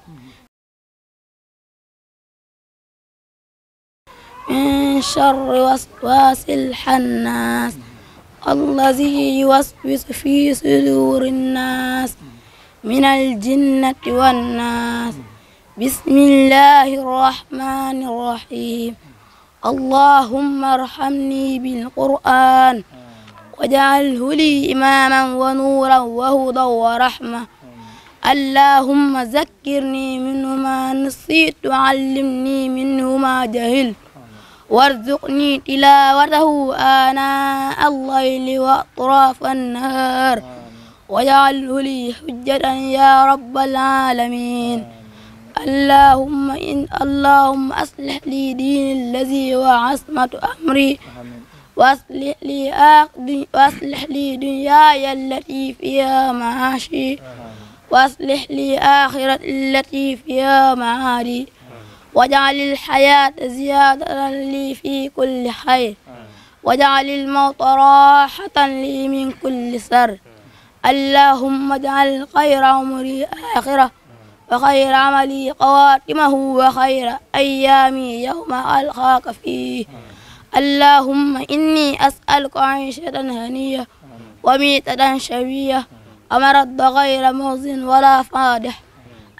من شر وسواس الحناس الذي يوسوس في صدور الناس من الجنة والناس بسم الله الرحمن الرحيم اللهم ارحمني بالقرآن واجعله لي إماما ونورا وهدى ورحمة اللهم ذكرني منه ما نسيت وعلمني منه ما جهلت وارزقني تلاوته آناء الليل وأطراف النهار واجعله لي حجة يا رب العالمين اللهم إن اللهم أصلح لي ديني الذي هو عصمة أمري وأصلح لي عقدي وأصلح لي دنياي التي فيها معاشي وأصلح لي آخرة التي فيها معادي واجعل الحياة زيادة لي في كل خير واجعل الموت راحة لي من كل سر اللهم اجعل خير عمري آخرة وخير عملي خواتمه وخير أيامي يوم ألقاك فيه اللهم إني أسألك عيشة هنية وميتة شبية ومرض غير موز ولا فادح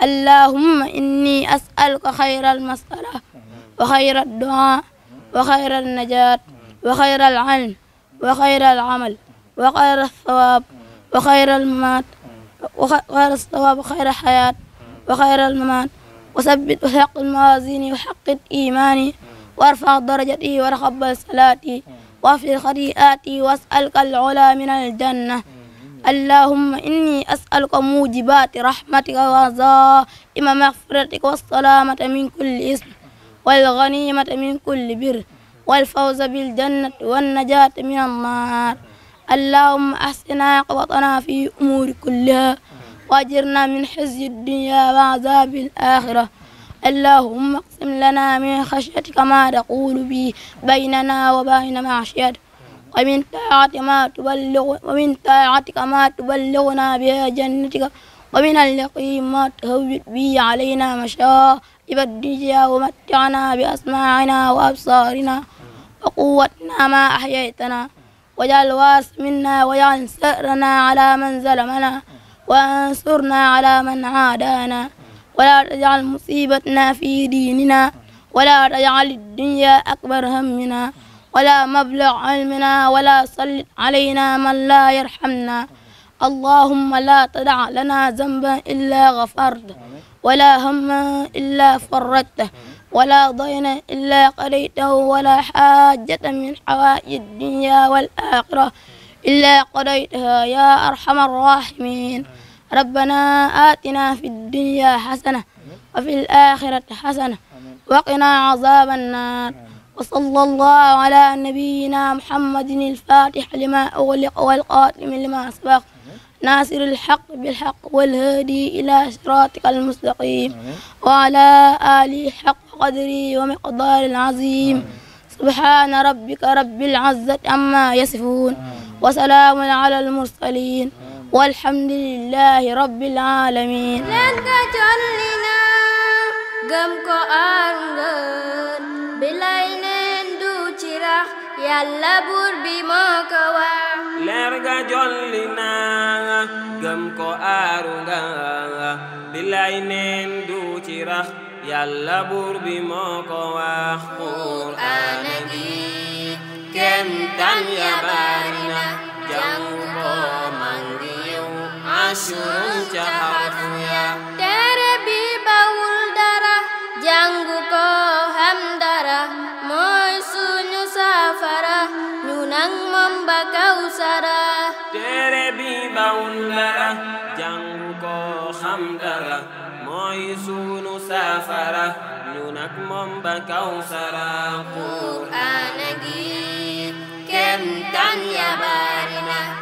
اللهم إني أسألك خير المسألة وخير الدعاء وخير النجاة وخير العلم وخير العمل وخير الثواب وخير الممات وخير الثواب وخير الحياة وخير الممات وثبت وثق الموازين وحقق إيماني وارفع درجتي ورخب صلاتي واغفر خطيئاتي واسألك العلا من الجنة اللهم إني أسألك موجبات رحمتك وعزائم مغفرتك والسلامة من كل إثم والغنيمة من كل بر والفوز بالجنة والنجاة من النار اللهم أحسن عقبتنا في أمور كلها وأجرنا من حزي الدنيا وعذاب الآخرة اللهم اقسم لنا من خشيتك ما تقول به بيننا وبين معشيتك ومن طاعتك ما تبلغ ومن طاعتك ما تبلغنا بها جنتك ومن اليقين ما تهون به علينا مشاعر الدنيا ومتعنا بأسماعنا وأبصارنا وقوتنا ما أحييتنا وجعل واس منا وجعل سأرنا على من ظلمنا وانصرنا على من عادانا ولا تجعل مصيبتنا في ديننا ولا تجعل الدنيا أكبر همنا ولا مبلغ علمنا ولا صل علينا من لا يرحمنا اللهم لا تدع لنا ذنبا إلا غفرته ولا هما إلا فرته ولا ضينا إلا قريته ولا حاجة من حوائج الدنيا والآخرة إلا قضيتها يا أرحم الراحمين ربنا آتنا في الدنيا حسنة وفي الآخرة حسنة وقنا عذاب النار وصلى الله على نبينا محمد الفاتح لما أغلق والقاتم لما سبق ناصر الحق بالحق والهادي إلى صراطك المستقيم وعلى آله حق قدري ومقدار العظيم سبحان ربك رب العزة عما يصفون وسلام على المرسلين والحمد لله رب العالمين Gam ko aar ngeen nendu cirah ya labur bima yàlla lerga bi moo ko arunga leer ga cirah ya labur ko aaru nga bilay ken bi tan ya barina jang ko mangiu asun yow ya. dara téere bi bawul dara jàngu ko xam dara mooy sunu saafara ñu nak moom ba kawsara qur'aan gi kem tan ya na